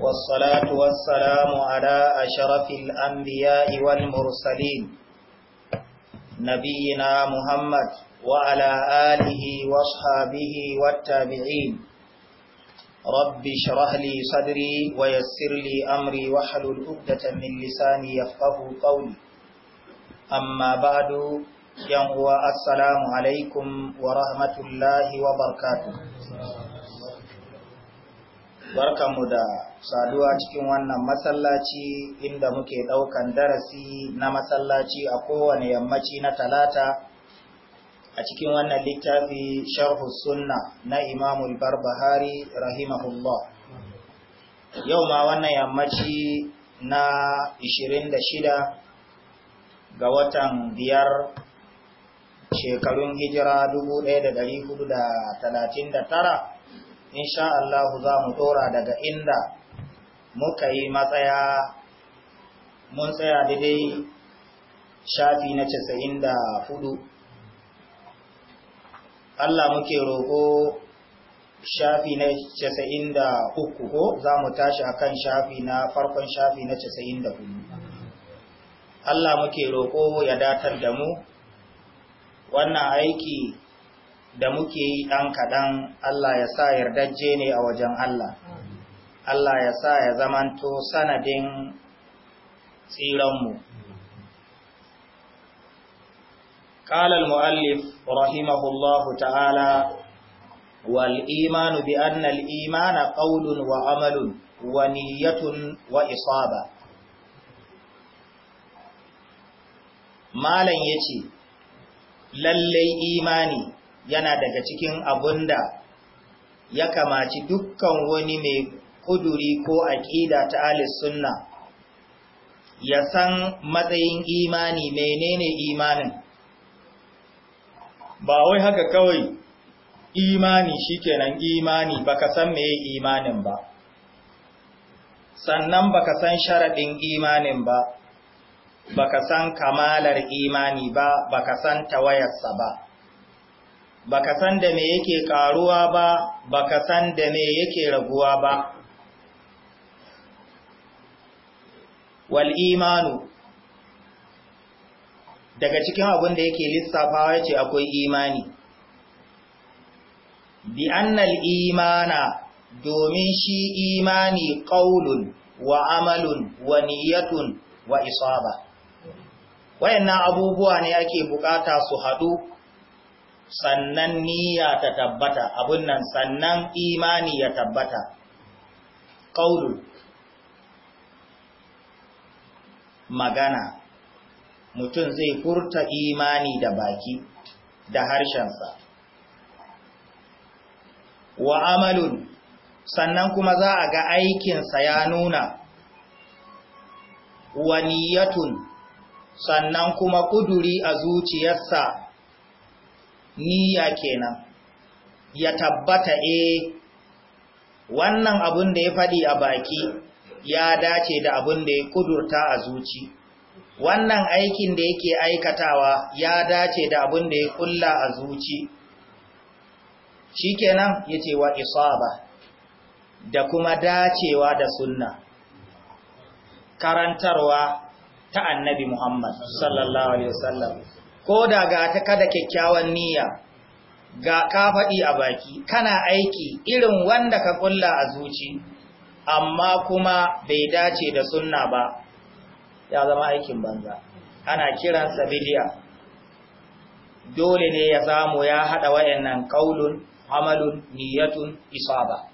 والصلاة والسلام على أشرف الأنبياء والمرسلين نبينا محمد وعلى آله واصحابه والتابعين رب اشرح لي صدري ويسر لي أمري واحلل الأبدة من لساني يفقه قولي أما بعد ينقوى السلام عليكم ورحمة الله وبركاته barkanmu da saduwa cikin wannan masallaci inda muke ɗaukan darasi na masallaci a kowane yammaci na talata a cikin wannan littafi sharhu sunna na imamul barbahari rahimahullah yau ma wannan yammaci na 26 ga watan biyar shekarun hijira 1439 insha Allah za mu dora daga inda muka yi matsaya mun tsaya daidai shafi na casa'in da hudu Allah muke roƙo shafi na casa'in da uku ko za mu tashi akan shafi na farkon shafi na casa'in da hudu Allah muke roƙo ya datar da mu wannan aiki da muke yi ɗan kaɗan Allah ya sa je ne a wajen Allah. Allah ya sa ya zamanto sanadin tsiranmu. Ƙalal mu'allif rahimahullahu ta'ala walimanu bi annal imana ƙaunun wa amalun wa niyyatun wa isaba. Malam ya ce, lallai imani yana daga cikin abun da ya kamaci dukkan wani mai kuduri ko aƙida ta alis sunna ya san matsayin imani menene imanin ba wai haka kawai imani shikenan imani baka san meye imanin ba sannan baka san sharaɗin imanin ba baka san kamalar imani ba baka san tawayarsa ba baka san da me yake karuwa ba baka san da me yake raguwa ba wal imanu daga cikin abun da yake lissafawa ce akwai imani bi annal imana domin shi imani qaulun wa amalun wa niyyatun wa isaba wayannan abubuwa ne ake bukata su haɗu? sannan niyya ta tabbata abun nan sannan imani ya tabbata ƙaulu magana mutum zai furta imani da baki da harshensa wa amalun sannan kuma za a ga aikinsa ya nuna wa niyyatun sannan kuma kuduri a zuciyarsa niyya kenan ya tabbata eh wannan abun da ya faɗi a baki ya dace da abun da ya kudurta a zuci wannan aikin da yake aikatawa ya dace da abun da ya kulla a zuci shikenan yace wa isaba da kuma dacewa da sunna karantarwa ta annabi Muhammad sallallahu alaihi wasallam ko da ga ta kada kyakkyawan niyya ga ka faɗi a baki kana aiki irin wanda ka kulla a zuci amma kuma bai dace da sunna ba ya zama aikin banza ana kiran sabidiya dole ne ya samu ya haɗa wayannan qaulun amalun niyyatun isaba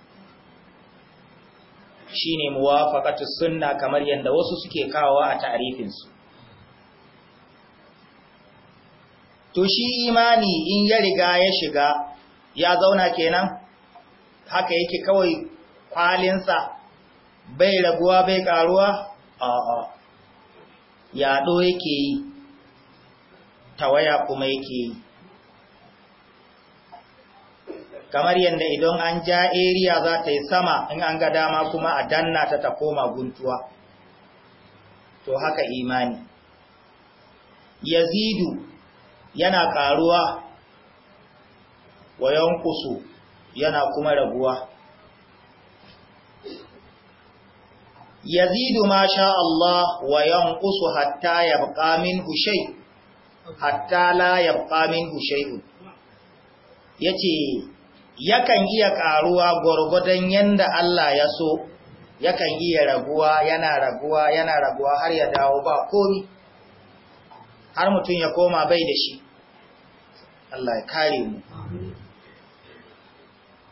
shine muwafaqatu sunna kamar yadda wasu suke kawo a ta'rifinsu to shi imani in ya riga ya shiga ya zauna kenan haka yake kawai kwalinsa bai raguwa bai karuwa a'a yaɗo yake yi tawaya kuma yake yi kamar yadda idan an ja area za ta yi sama in an ga dama kuma a danna ta ta koma guntuwa to haka imani yazidu yana ƙaruwa wa yankusu yana kuma raguwa yazidu ma sha Allah wa yankusu hatta yabqa minhu shay hatta la yabqa minhu shay'un yace yakan iya ƙaruwa gwargwadon yanda Allah ya so yakan iya raguwa yana raguwa yana raguwa har ya dawo ba komai har mutum ya koma bai da shi Allah ya kare mu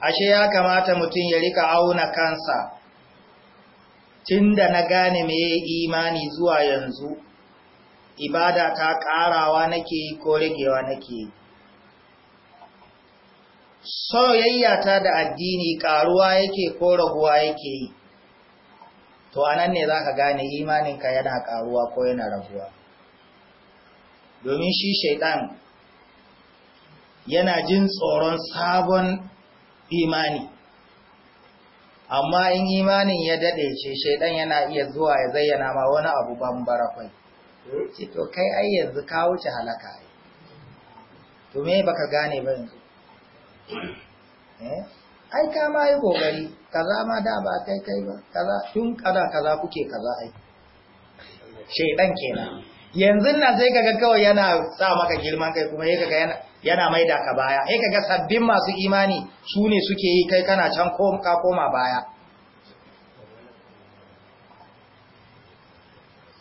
ashe ya kamata mutum ya rika auna kansa tunda na gane me imani zuwa yanzu ibada ta karawa nake ko ragewa nake soyayya ta da addini karuwa yake ko raguwa yake to anan ne zaka gane imaninka yana karuwa ko yana raguwa domin shi shaidan yana jin tsoron sabon imani amma in imanin ya dade ce shaidan yana iya zuwa ya zayyana ma wani abu bambara kwai ce to kai ai yanzu ka wuce halaka ai to me baka gane ba yanzu eh ai ka ma yi kokari kaza ma da ba kai kai ba kaza tun kaza kaza kuke kaza ai shaidan kenan yanzu nan sai kaga kawai yana sa maka girman kai kuma kaga yana yana maida ka baya sai kaga sabbin masu imani su ne suke yi kai kana can ko ka koma baya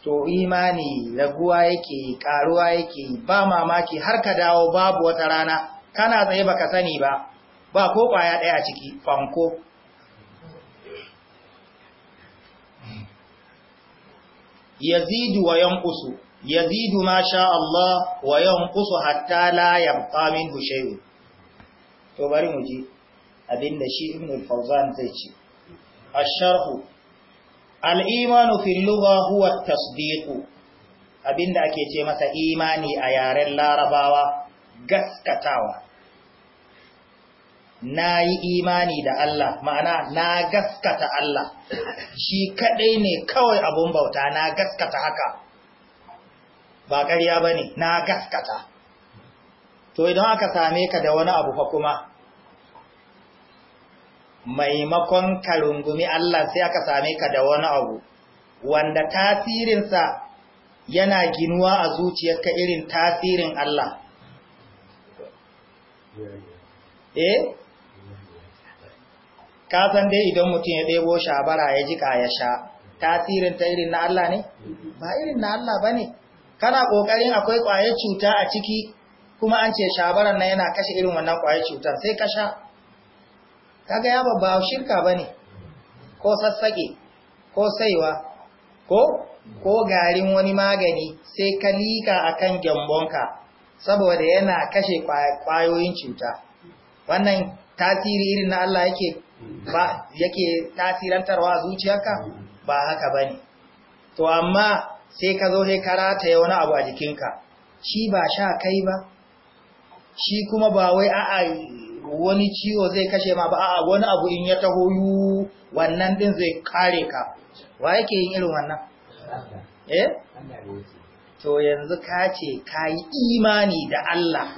to imani raguwa yake karuwa yake ba mamaki har ka dawo babu wata rana kana tsaye baka sani ba ba ko kwaya daya a ciki fanko yazidu wa yanqusu yazidu ma sha Allah wa yanqusu hatta la yabqa minhu shay'un to bari mu ji da shi ibn al-fawzan zai ce asharhu al-imanu fi al-lugha huwa at-tasdiq abinda ake ce masa imani a yaren larabawa gaskatawa na yi imani da Allah ma'ana na gaskata Allah shi kadai ne kawai abun bauta na gaskata haka ba ƙarya ba ne na gaskata to idan aka same ka da wani abu fa kuma maimakon ka rungumi Allah sai aka same ka da wani abu wanda tasirinsa yana ginuwa a zuciyarka irin tasirin Allah eh ka san dai idan mutum ya ɗebo shabara ya jika ya sha tasirin ta irin na Allah ne ba irin na Allah ba ne kana kokarin akwai kwayar cuta a ciki kuma an ce shabaran nan yana kashe irin wannan kwayar cutar sai ka sha kaga ya babba shirka bane ko sassake ko saiwa ko ko garin wani magani sai ka lika akan gyambonka saboda yana kashe kwayoyin cuta wannan tasiri irin na Allah yake ba yake tasirantarwa a zuciyarka ba haka bane to amma sai ka zo sai ka rataye wani abu a jikinka shi ba sha kai ba shi kuma ba wai a'a wani ciwo zai kashe ma ba a'a wani abu in ya taho yu wannan din zai kare ka wa yake yin irin wannan eh to yanzu ka ce ka yi imani da Allah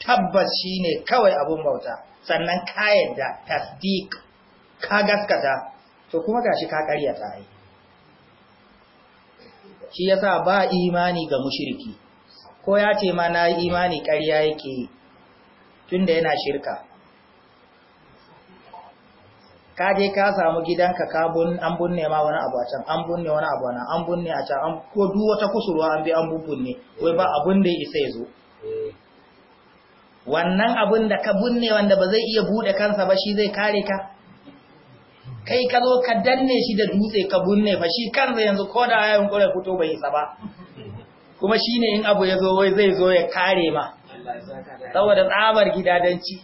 tabbas shine kawai abun bauta sannan ka yadda tasdik ka gaskata to kuma gashi ka ta yi shi yasa ba imani ga mushriki ko ya ce ma na yi imani ƙarya yake yi tunda yana shirka ka je ka samu gidanka ka bun an bunne ma wani abu a can an bunne wani abu na an bunne a can ko duk wata kusurwa an bi an bunne, wai ba abun da ya isa ya zo wannan abun da ka bunne wanda ba zai iya bude kansa ba shi zai kare ka kai ka zo ka danne shi da dutse ka bunne fa shi kansa yanzu ko da ayon kore fito bai isa ba kuma shi ne in abu ya zo wai zai zo ya kare ma saboda tsabar gidadanci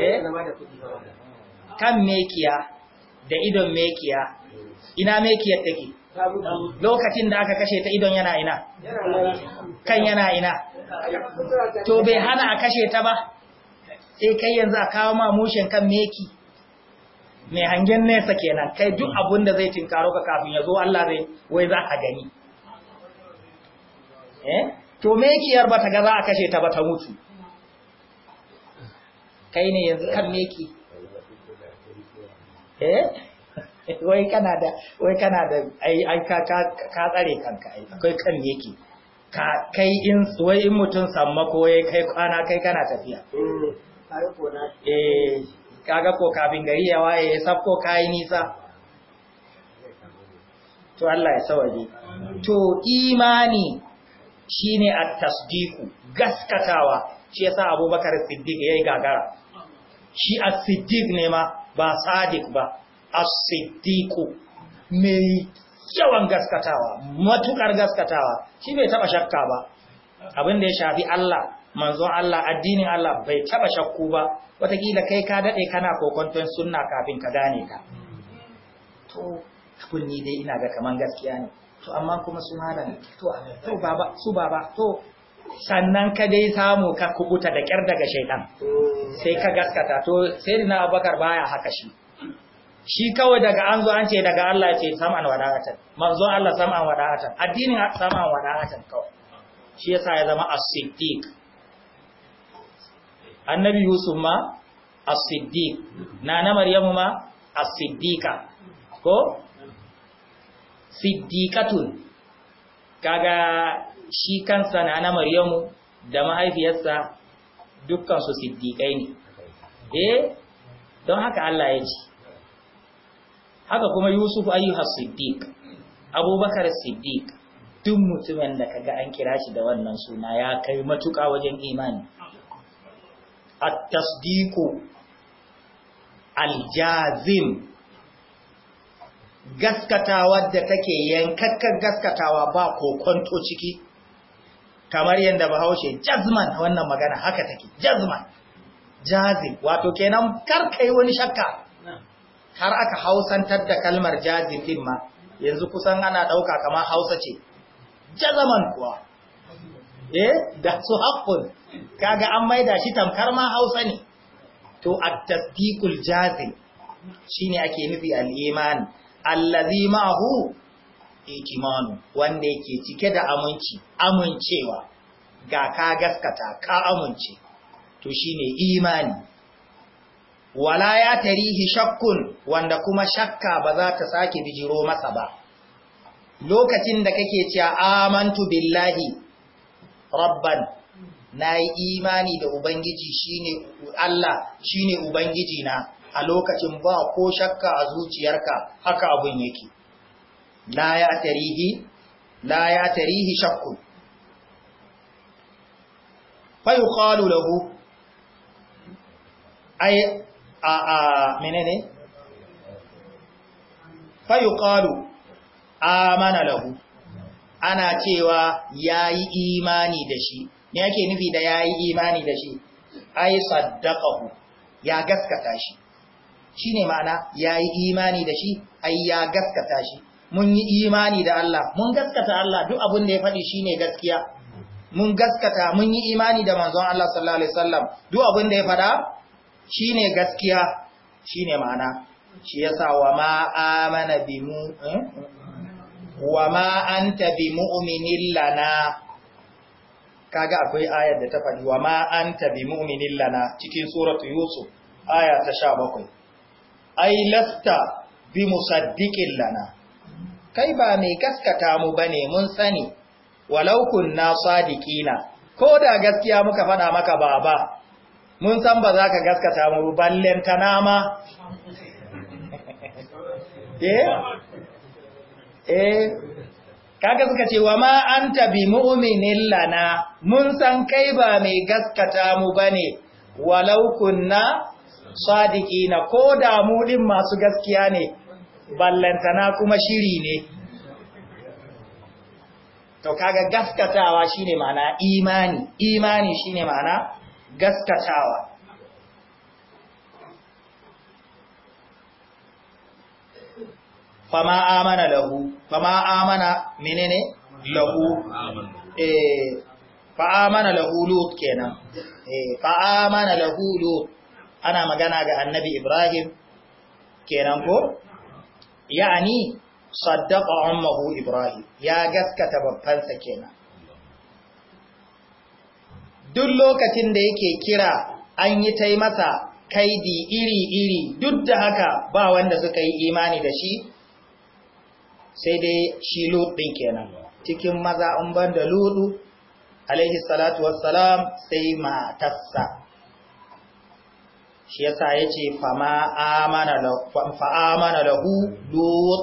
eh? kan mekiya da idon mekiya ina mekiya take lokacin da aka kashe ta idon yana ina kan yana ina to bai hana a kashe ta ba sai eh, kai yanzu a kawo ma mushen kan meki mai hangen nesa kenan kai duk abun da zai tinkaro ka kafin ya zo Allah zai wai za a gani eh to me kiyar ba ta ga za a kashe ta ba ta mutu kai ne yanzu kan meki eh wai kana da wai kana da ai ai ka ka tsare kanka ai akwai kan meki ka kai in wai in mutun sammako yayi kai kwana kai kana tafiya eh kaga ko kafin gari ya waye ya sabko kayi nisa to Allah ya sawaje to imani shine at-tasdiqu gaskatawa shi yasa Abubakar Siddiq yayi gagara shi as-siddiq ne ma ba sadiq ba as siddiq mai yawan gaskatawa matukar gaskatawa shi bai taba shakka ba abin da ya shafi Allah manzon Allah addinin Allah bai taba shakku ba wataƙila kai ka daɗe kana kokonton sunna kafin ka gane ta to abun ni dai ina ga kaman gaskiya ne to amma kuma su malam to to baba su baba to sannan ka dai samu ka kubuta da kyar daga shaitan sai ka gaskata to sai na abubakar baya haka shi shi kawai daga an zo an ce daga Allah ce sam'an wada'atan manzo Allah sam'an wada'atan addinin sam'an wada'atan kawai shi yasa ya zama as-siddiq annabi yusuf ma as-siddiq na na maryamu ma as-siddiqa ko siddiqatun kaga shi kansa na maryamu da mahaifiyarsa dukkan su siddiqai ne eh don haka Allah ya ce haka kuma yusuf ayyuha siddiq abubakar siddiq duk mutumin da kaga an kira shi da wannan suna ya kai matuƙa wajen imani attasdiku aljazim al gaskatawa da take yankakkar gaskatawa ba kokonto ciki kamar yadda bahaushe jazman wannan magana haka take jazman jazim wato kenan karkai wani shakka har aka hausantar da kalmar jazim din ma yanzu kusan ana dauka kamar hausa ce jazaman kuwa eh da su haƙƙun kaga an maida shi tamkar ma hausa ne to at-tasdiqul jazim shine ake nufi al-iman allazi ma'ahu itimanu wanda yake cike da aminci amincewa ga ka gaskata ka amince to shine imani wala ya tarihi shakkun wanda kuma shakka ba za ta sake bijiro masa ba lokacin da kake cewa amantu billahi rabban na yi imani da ubangiji shine Allah shine ubangiji na a lokacin ba ko shakka a zuciyarka haka abun yake la ya tarihi la ya tarihi shakkun fa yuqalu lahu ay a a menene fa yuqalu amana lahu ana cewa ya yi imani da shi ne yake nufi da ya yi imani da shi ai saddaqahu ya gaskata shi shi ne ma'ana ya yi imani da shi ai ya gaskata shi mun yi imani da Allah mun gaskata Allah duk abin da ya faɗi shi ne gaskiya mun gaskata mun yi imani da manzon Allah sallallahu alaihi wasallam duk abin da ya faɗa shi ne gaskiya shi ne ma'ana shi yasa wa ma amana bi mu eh? wa ma anta bi mu'minin lana kaga akwai ayar da ta faɗi wa ma anta bi mu'minin lana cikin suratu yusuf aya ta 17 ai lasta bi musaddiqin lana kai ba mai gaskata mu bane mun sani walau kunna sadiqina ko da gaskiya muka faɗa maka baba mun san ba za ka gaskata mu ballen ta nama eh eh kaga suka ce wa ma anta bi mu'minin lana mun san kai ba mai gaskata mu bane walau kunna sadiqina ko da mu din masu gaskiya ne ballantana kuma shiri ne to kaga gaskatawa shine ma'ana imani imani shine ma'ana gaskatawa fama amana lahu fama amana menene lahu eh fa amana lahu lut kenan eh fa amana lahu lut ana magana ga annabi ibrahim kenan ko yani saddaqa ummuhu ibrahim ya gaskata babbansa kenan duk lokacin da yake kira an yi tai masa kaidi iri-iri duk da haka ba wanda suka yi imani da shi sai dai shi lut ɗin kenan cikin maza an ban da ludu alaihi salatu wassalam sai matarsa shi yasa yace fama amana la fa amana lahu lut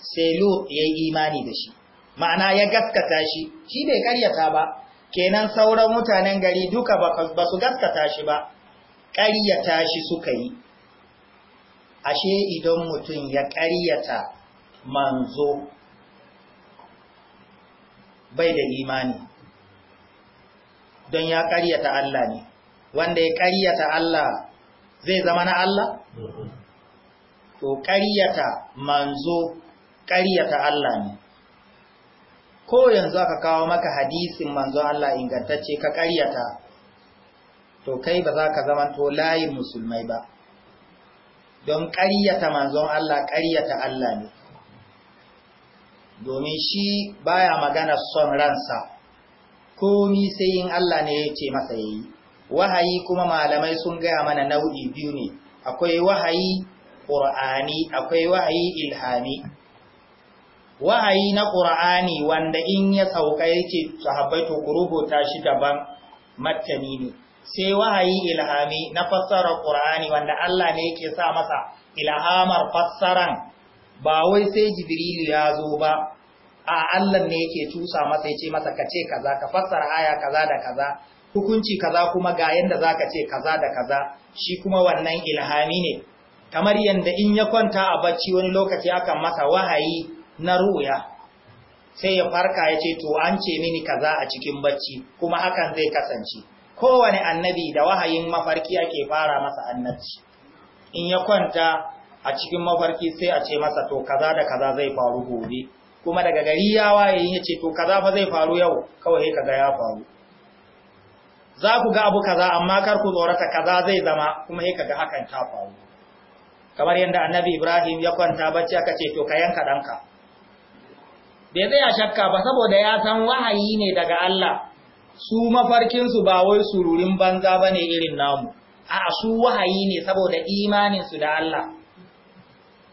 sai lut yayi imani da shi ma'ana ya gaskata shi shi bai karyata ba kenan sauran mutanen gari duka ba su gaskata shi ba karyata shi suka yi ashe idan mutum ya karyata manzo bai da imani don ya ƙaryata Allah ne wanda ya ƙaryata Allah zai zama na Allah? to ƙaryata manzo ƙaryata Allah ne ko yanzu aka kawo maka hadisin manzon Allah ingantacce ka ƙaryata to kai ba za ka zama to layin musulmai ba don ƙaryata manzon Allah ƙaryata Allah ne domin shi baya magana son ransa komi sai in Allah ne ya ce masa yayi wahayi kuma malamai sun gaya mana nau'i biyu ne akwai wahayi qur'ani akwai wahayi ilhami wahayi na qur'ani wanda in ya sauka yake sahabbai to rubuta shi daban matani ne sai wahayi ilhami na fassarar qur'ani wanda Allah ne yake sa masa ilhamar fassaran ba wai sai jibrilu ya zo ba a Allah ne yake tusa masa yace masa kace kaza ka fassara aya kaza da kaza hukunci kaza kuma ga yanda zaka ce kaza da kaza shi kuma wannan ilhami ne kamar yanda in ya kwanta a bacci wani lokaci akan masa wahayi na ruya sai ya farka ya ce to an ce mini kaza a cikin bacci kuma hakan zai kasance kowane annabi da wahayin mafarki ake fara masa annabci in ya kwanta a cikin mafarki sai a ce masa to kaza da kaza zai faru gobe kuma daga gari ya waye ya ce to kaza fa zai faru yau kawai kaga ya faru za ku ga abu kaza amma kar ku tsorata kaza zai zama kuma sai kaga hakan ta faru kamar yadda annabi Ibrahim ya kwanta bacci aka ce to ka yanka danka bai zai shakka ba saboda ya san wahayi ne daga Allah su mafarkin su ba wai sururin banza bane irin namu a'a su wahayi ne saboda imanin su da Allah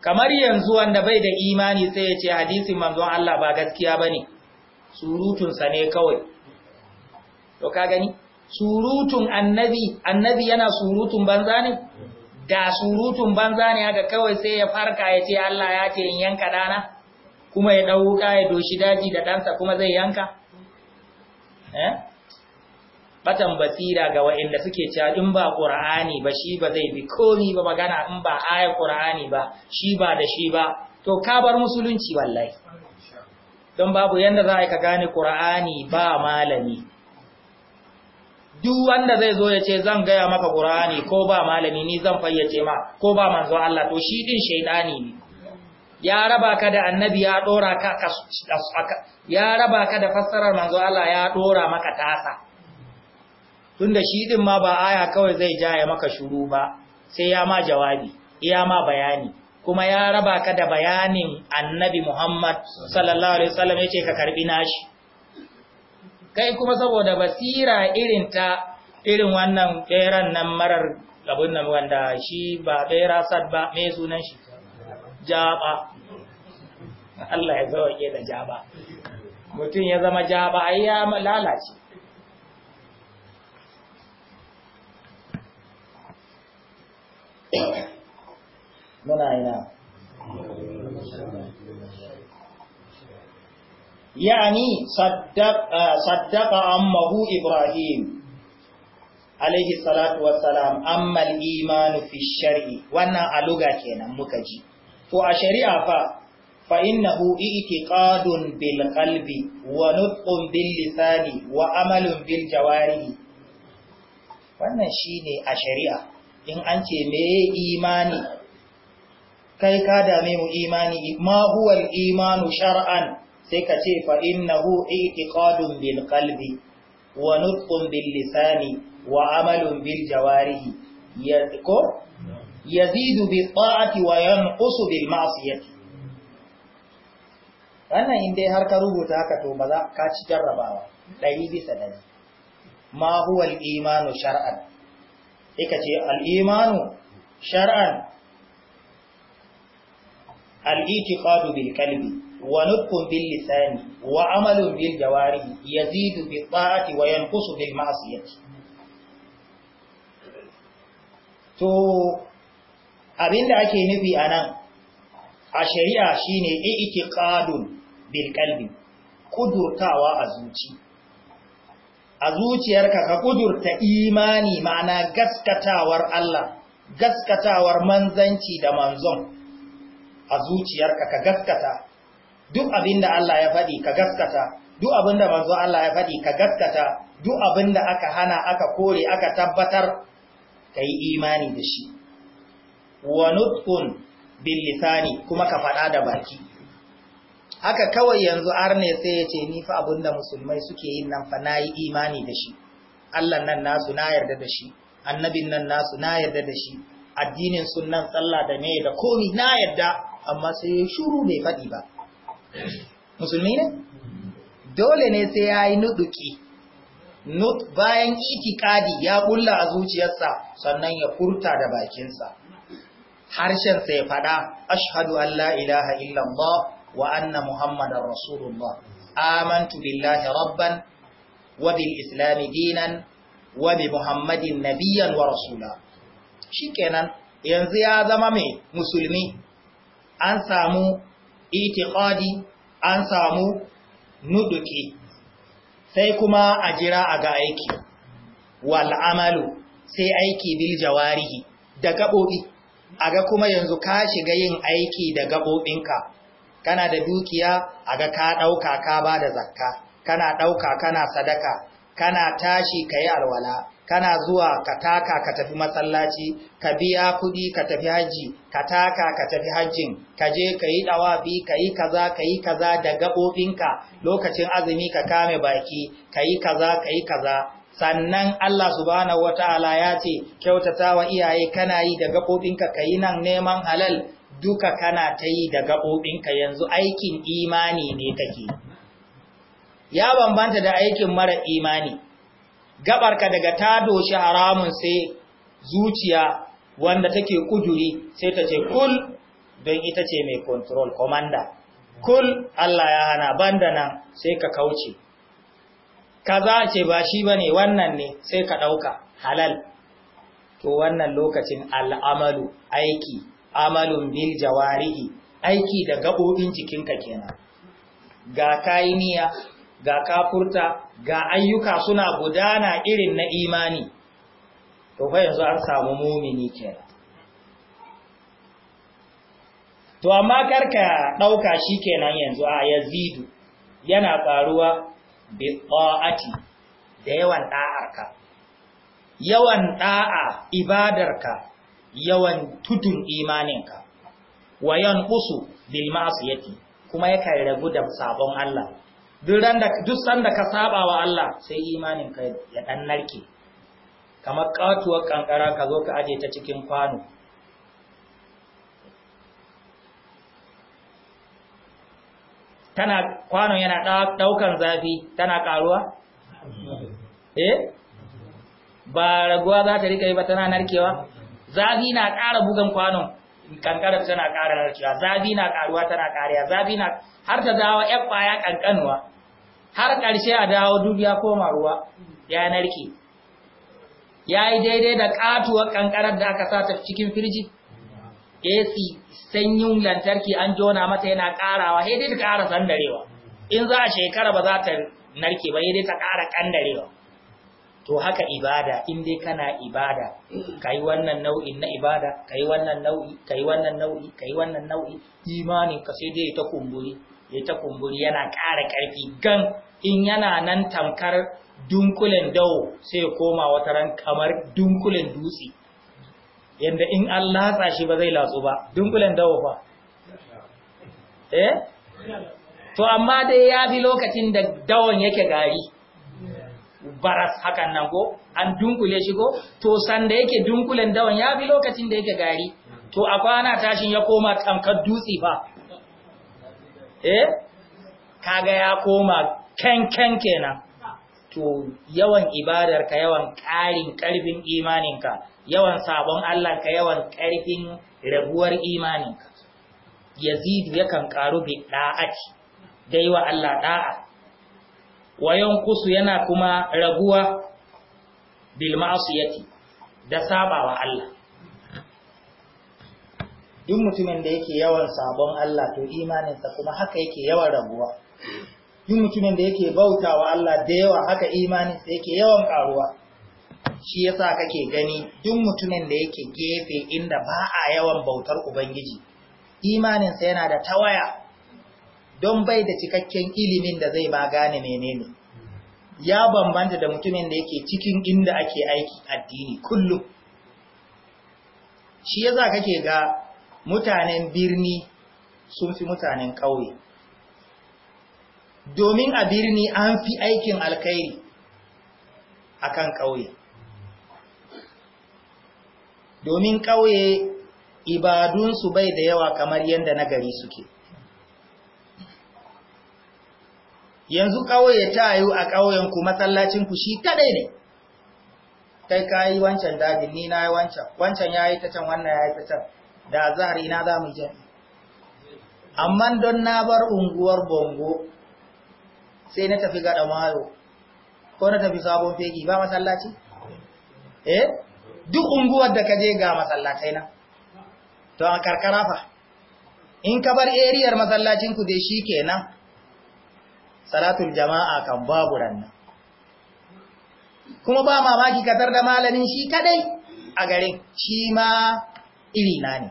kamar yanzu wanda bai da imani sai ya ce hadisin manzon Allah ba gaskiya ba ne surutunsa ne kawai to ka gani surutun annabi annabi yana surutun banza ne da surutun banza ne haka kawai sai ya farka ya ce Allah ya ce in yanka dana kuma ya ɗauka ya doshi daji da ɗansa kuma zai yanka eh batan basira ga waɗanda suke cewa in ba Qur'ani ba shi ba zai bi komi ba magana in ba aya Qur'ani ba shi ba da shi ba to ka bar musulunci wallahi don babu yanda za a ka gane Qur'ani ba malami duk wanda zai zo ya ce zan gaya maka Qur'ani ko ba malami ni zan fayyace ma ko ba manzo Allah to shi din shaydani ne ya raba ka da annabi ya dora ka ya raba ka da fassarar manzo Allah ya dora maka tasa tunda shi din ma ba aya kawai zai ja ya maka shuru ba sai ya ma jawabi ya ma bayani kuma ya raba ka da bayanin annabi Muhammad sallallahu alaihi wasallam yace ka karbi nashi kai kuma saboda basira irin ta irin wannan beran nan marar abun nan wanda shi ba bera sad ba me sunan shi jaba Allah ya zawaye da jaba mutum ya zama jaba ai ya lalace muna ina yani uh, saddaqa ammahu ibrahim alaihi salatu wassalam amma imanu fi shar'i wannan aluga kenan muka ji to a shari'a fa fa innahu i'tiqadun bil qalbi wa nutqun bil lisani wa amalun bil jawarihi wannan shine a shari'a in an ce me imani kai ka dame mu imani ma huwa al-iman shar'an sai ka ce fa innahu i'tiqadun bil qalbi wa nutqun bil lisani wa amalun bil jawarihi ko yazidu bi ta'ati wa yanqusu bil ma'siyati wannan inde har ka rubuta haka to ba za ka ci jarrabawa dai bisa ɗari ma huwal imanu shar'an Ika ce al'imanu shar'an al'itiqadu bil qalbi wa nutqun bil lisani wa amalun bil yazidu bi ta'ati wa yanqusu bil ma'siyati to abinda ake nufi anan a shari'a shine i'tiqadun bil qalbi kudurtawa a zuci a zuciyarka ka kudurta imani ma'ana gaskatawar Allah gaskatawar manzanci da manzon a zuciyarka ka gaskata duk abinda Allah ya faɗi ka gaskata duk abinda manzo Allah ya faɗi ka gaskata duk abinda aka hana aka kore aka tabbatar kai imani da shi wa nutqun bil lisani kuma ka faɗa da baki haka kawai yanzu arne sai ya ce ni fa abinda musulmai suke yin nan fa nayi imani da shi Allah nan nasu na yarda da shi annabin nan nasu na yarda da shi addinin sunnan sallah da ne da komi na yarda amma sai ya shuru bai faɗi ba musulmi ne dole ne sai ya yi nuduki nut bayan itikadi ya bulla a zuciyarsa sannan ya furta da bakinsa harshensa ya faɗa ashhadu an la ilaha illallah wa anna muhammadar rasulullah amantu rabban wa islami dinan wa bi muhammadin nabiyyan wa rasula shikenan yanzu ya zama mai musulmi an samu itiqadi an samu nuduki sai kuma a jira a ga aiki wal sai aiki bil jawarihi da gabobi aga kuma yanzu ka shiga yin aiki da gabobinka kana da dukiya a ga ka ɗauka ka ba da zakka kana ɗauka kana sadaka kana tashi ka yi alwala kana zuwa ka taka ka tafi masallaci ka biya kuɗi ka tafi hajji ka taka ka tafi hajjin ka je ka yi ɗawafi ka yi kaza ka yi kaza da gaɓoɓinka lokacin azumi ka kame baki ka yi kaza ka yi kaza sannan Allah subhanahu Ta'ala ya ce kyautata iyaye kana yi da gaɓoɓinka ka yi nan neman halal duka kana ta yi da gaɓoɓinka yanzu aikin imani ne take. ya bambanta da aikin mara imani gabarka daga ta doshi haramun sai zuciya wanda take kuduri sai ta ce kul don ita ce mai control commander kul Allah ya hana banda nan sai ka kauce kaza ce ba shi ba ne wannan ne sai ka ɗauka, halal to wannan lokacin al'amalu aiki amalun bil jawarihi aiki da gabobin jikinka kenan ga kayiniya ga kafurta ga ayyuka suna gudana irin na imani to fa yanzu an samu mumini kenan to amma karka dauka kenan yanzu a yazidu yana faruwa bi ta'ati da yawan da'arka yawan da'a ibadarka yawan tudun imaninka wa yanqusu bil ma'siyati kuma yakan ragu da sabon Allah duk randa duk sanda ka saba wa Allah sai imaninka ya dan narke kamar katuwar kankara ka zo ka aje ta cikin kwano tana kwano yana daukan zafi tana karuwa eh ba raguwa za ta rika yi ba tana narkewa zafi na ƙara bugan kwanon kankarar tana ƙara narkewa zafi na ƙaruwa tana ƙariya zafi na har ta dawo ƴan ƙwaya ƙanƙanuwa har ƙarshe a dawo duk ya koma ruwa ya narke ya yi daidai da ƙatuwar ƙanƙarar da aka sa ta cikin firji ac sanyin lantarki an jona mata yana ƙarawa sai dai ta ƙara sandarewa in za a shekara ba za ta narke ba sai dai ta ƙara ƙandarewa to haka ibada in dai kana ibada kai wannan nau'in na ibada kai wannan nau'i kai wannan nau'i kai wannan nau'i imanin ka sai dai ta kumburi dai ta kumburi yana ƙara ƙarfi gan in yana nan tamkar dunkulen dawo sai ya koma wata ran kamar dunkulen dutse yanda in an latsa shi ba zai latsu ba dunkulen dawo fa eh to amma dai ya fi lokacin da dawon yake gari baras hakan nan ko an dunkule shi ko to sanda yake dunkulen dawan ya bi lokacin da yake gari to a kwana tashin ya koma tamkar dutse fa eh kaga ya koma kenken kenan to yawan ibadarka yawan ƙarin ƙarfin imaninka yawan sabon Allah ka yawan ƙarfin raguwar imaninka yazidu yakan ƙaru bi da'ati da wa Allah da'a Wayon kusu yana kuma raguwa bil ma'asiyati da sabawa Allah duk mutumin da yake yawan sabon Allah to imaninsa kuma haka yake yawan raguwa duk mutumin da yake bautawa Allah da yawa haka imaninsa yake yawan karuwa shi yasa kake gani duk mutumin da yake gefe inda ba a yawan bautar ubangiji imaninsa yana da tawaya don bai da cikakken ilimin da zai ma gane menene ya bambanta da mutumin da yake cikin inda ake aiki addini kullum shi yasa kake ga mutanen birni sun fi mutanen ƙauye domin a birni an fi aikin alkhairi akan ƙauye domin ƙauye ibadunsu bai da yawa kamar yadda nagari suke yanzu ƙauye ta yi a ƙauyenku matsalacinku shi kadai ne kai ka yi wancan dajin ni na yi wancan wancan ya yi ta can wannan ya yi ta can da zahari na za mu jami amma don na bar unguwar bongo sai na tafi gada mayo ko na tafi sabon fegi ba masallaci eh duk unguwar da ka je ga masallatai na to a karkara fa in ka bar eriyar masallacinku dai shi kenan salatul jama'a kan babu ranna kuma ba mamaki katar da malamin shi kadai a garin shi ma iri na ne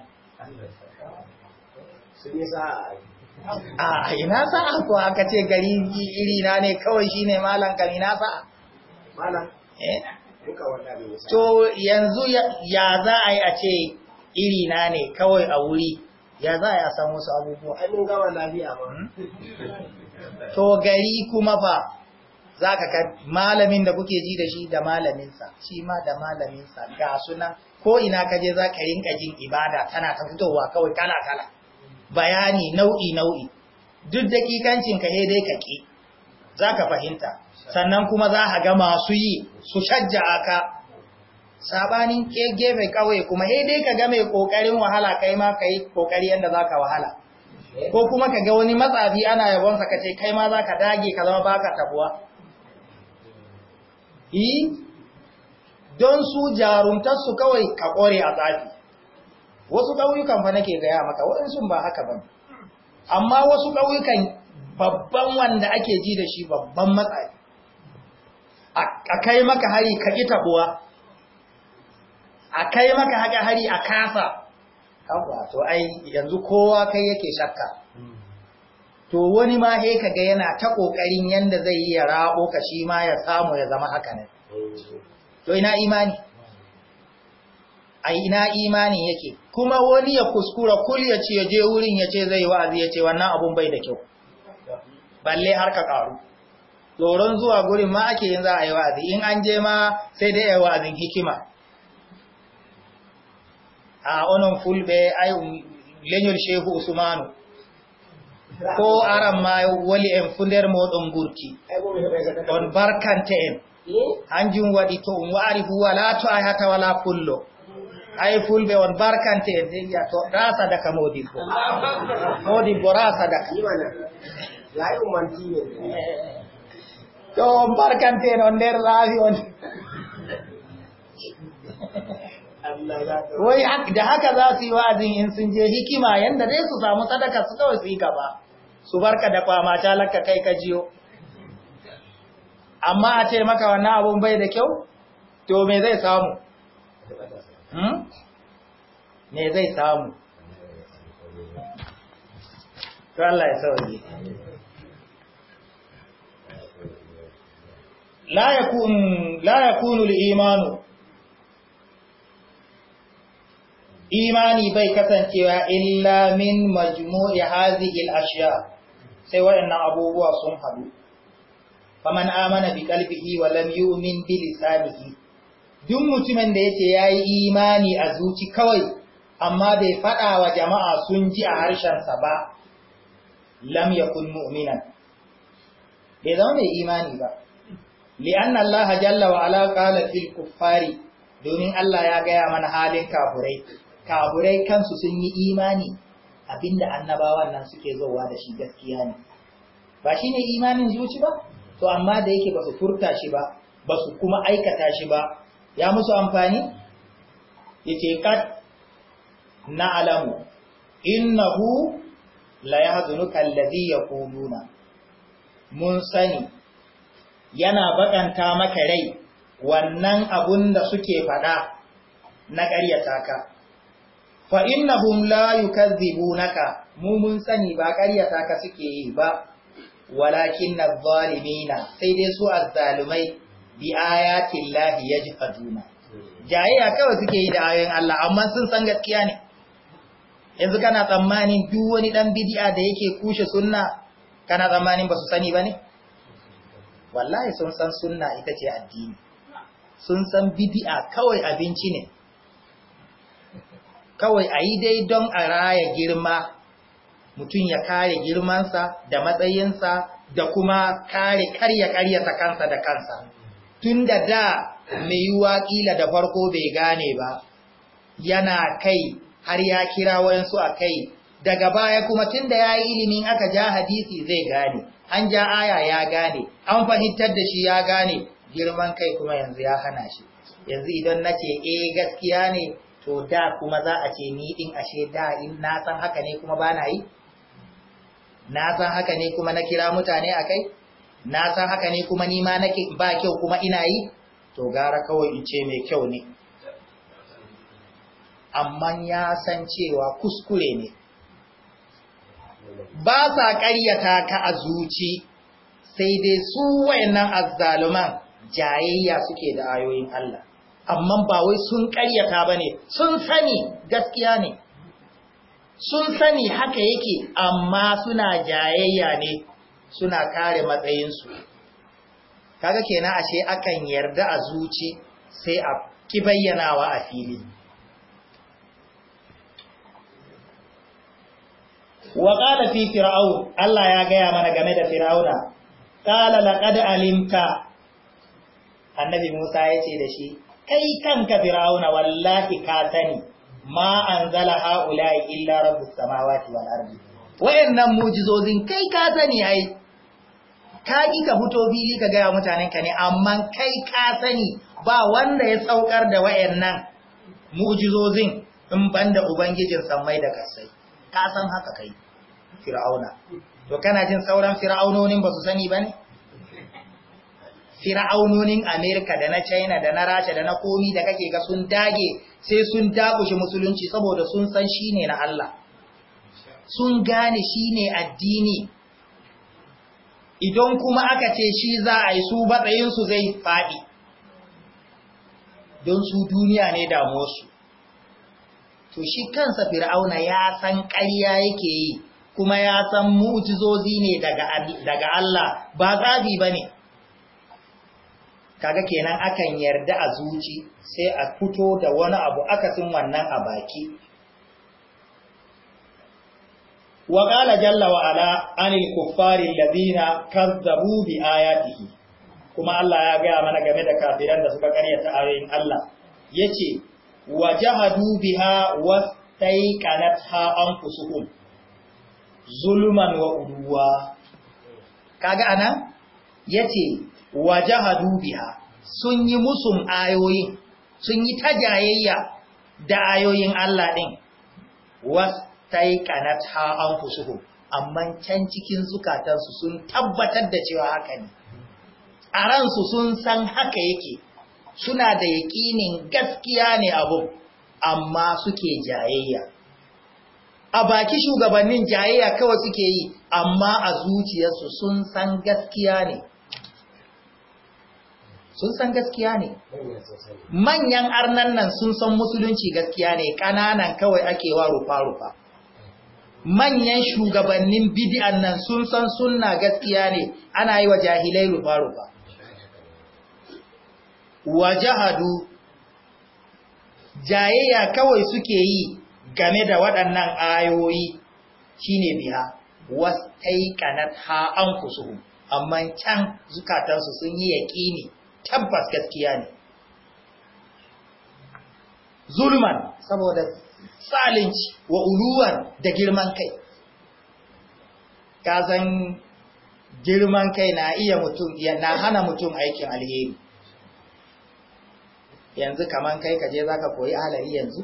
a ina sa'a ko aka ce gari iri na ne kawai shi ne malam kan ina sa'a eh? to yanzu ya za a yi a ce iri na ne kawai a wuri ya za a yi a san wasu abubuwa An mun gawa lafiya ba hmm? to gari kuma fa za ka malamin da kuke ji da shi da malaminsa shi ma da malaminsa ga sunan ko ina ka je za ka rinka jin ibada tana ta fitowa kawai kala-kala bayani nau'i-nau'i duk da kikancin ka dai ka ki za ka fahimta sannan kuma za a ga masu yi su shajja ka sabanin gefe kawai kuma dai ka ga mai kokarin wahala kai ma ka yi kokari yadda za ka wahala ko kuma ka ga wani matsabi ana yabonsa ka ce kai ma za ka dage ka zama baka tabuwa yi e, don su su kawai ka ƙware a tsafi wasu ƙauyukan fa nake gaya maka waɗansu ba haka ba amma wasu ƙauyukan babban wanda ake ji da shi babban matsafi. a kai maka hari ka ƙi tabuwa a kai maka haka hari a kasa yawa to ai yanzu kowa kai yake shakka to wani ma he kaga yana ta kokarin yanda zai yi ya rabo ka shi ma ya samu ya zama haka ne to ina imani ai ina imani yake kuma wani ya kuskura kul ya ce ya je wurin ya ce zai wa'azi ya ce wannan abun bai da kyau balle har ka karu tsoron zuwa gurin ma ake yin za a yi wa'azi in an je ma sai dai ya wa'azin hikima a onon fulɓe ay leñol shehu usmanu ko aran ma wali en fu nder don gurti on barkante en hanjum wadi to um wari fu wala to ay hata wala pullo ay Fulbe on barkante en sey wiya to ra sadaka modibbo modibbo ra sadaka to on barkante en on nder lafi on wai da haka za su yi wa'azin in sun je hikima yanda dai su samu sadaka su kawai su yi gaba su barka da kwama talaka kai ka jiyo amma a ce maka wannan abun bai da kyau to me zai samu hmm? me zai samu to Allah ya sauri la yakun la yakunu al-imanu imani bai kasancewa illa min majmu'i hazihi al-ashya sai waɗannan abubuwa sun haɗu faman amana bi qalbihi wa lam yu'min bi lisanihi duk mutumin da yace yayi imani a zuci kawai amma bai faɗawa wa jama'a sun ji a harshensa ba lam yakun mu'minan bai zama mai imani ba li'anna Allah jalla wa ala qala fil kuffari domin Allah ya gaya mana halin kafurai kaburai kansu sun yi imani abinda annabawan nan suke zowa da shi gaskiya ne ba shi ne imanin zuci ba to amma da yake ba su furta shi ba ba su kuma aikata shi ba ya musu amfani yake kat na alamu innahu la yahzunuka alladhi yaquluna mun sani yana bakanta maka rai wannan abun da suke faɗa na ƙaryata ka fa innahum la yukazzibunaka mu mun sani ba ƙaryata ka suke yi ba walakin adh-dhalimina sai dai su azzalumai bi ayati llahi yajhaduna jayayya kawai suke yi da ayoyin Allah amma sun san gaskiya ne yanzu kana tsammanin duk wani dan bid'a da yake kushe sunna kana tsammanin ba su sani bane wallahi sun san sunna ita ce addini sun san bid'a kawai abinci ne kawai a yi dai don a raya girma mutum ya kare girmansa da matsayinsa da kuma kare karya karyata kansa da kansa tun da da mai yi waƙila da farko bai gane ba yana kai har ya kira wayansu a kai daga baya kuma tun da ya yi ilimin aka ja hadisi zai gane an ja aya ya gane an fahimtar da shi ya gane girman kai kuma yanzu ya hana shi yanzu idan na ce eh gaskiya ne to da kuma za a ce ni din ashe da in na san haka ne kuma ba na yi na san haka ne kuma na kira mutane a kai na san haka ne kuma ni ma nake ba kyau kuma ina yi to gara kawai in ce mai kyau ne amma ya san cewa kuskure ne ba sa ƙaryata ka a zuci sai dai su wayannan azzaluman jayayya suke da ayoyin Allah amma ba wai sun ƙaryata ba ne sun sani gaskiya ne sun sani haka yake amma suna jayayya ne suna kare matsayinsu kaga kenan ashe akan yarda a zuci sai a ki bayyanawa a fili wa qala fi fir'aun Allah ya gaya mana game da fir'auna qala laqad alimta annabi Musa yace da shi kai kanka fir'auna wallahi ka sani ma anzala haula illa rabbus samawati wal ardi wayannan mujizozin kai ka sani ai ka ka fito fili ka ga mutanen ka ne amma kai ka sani ba wanda ya saukar da wayannan mujizozin in banda ubangijin samai da kasai ka san haka kai fir'auna to kana jin sauran fir'aunonin ba su sani bane fir'aunonin Amerika da na China da na Rasha da na komi da kake ga sun dage sai sun dakushe musulunci saboda sun san shine na Allah sun gane shine addini idan kuma aka ce shi za a yi su batsayin su zai fadi don su duniya ne damuwarsu to shi kansa fir'auna ya san ƙarya yake yi kuma ya san mu'jizozi ne daga Allah ba zabi bane kaga kenan akan yarda a zuci sai a fito da wani abu akasin wannan a baki wa qala jalla wa ala anil kuffari alladhina kazzabu bi ayatihi kuma Allah ya gaya mana game da kafiran da suka karyata ayoyin Allah yace wajahadu biha an anfusuhum zulman wa uduwa kaga anan yace wajahadu biha sun yi musun ayoyin sun yi ta jayayya da ayoyin Allah din an kusuhu amma can cikin zukatansu sun tabbatar da cewa haka ne a ransu sun san haka yake suna da yaƙinin gaskiya ne abu amma suke jayayya a baki shugabannin jayayya kawai suke yi amma a zuciyarsu sun san gaskiya ne sun san gaskiya ne manyan arnan nan sun san musulunci gaskiya ne ƙananan kawai ake wa rufa-rufa manyan shugabannin bidi'an nan sun san sunna gaskiya ne ana yi wa jahilai rufa-rufa wa jahadu jayayya kawai suke yi game da waɗannan ayoyi ne biya wasu taikanat ha'an kusuhu amma can zukatansu sun yi yaƙini tabbas gaskiya ne zulman saboda salinci wa uluwan da girman kai kazan girman kai na iya mutum na hana mutum aikin alheri yanzu kaman kai kaje zaka koyi alheri yanzu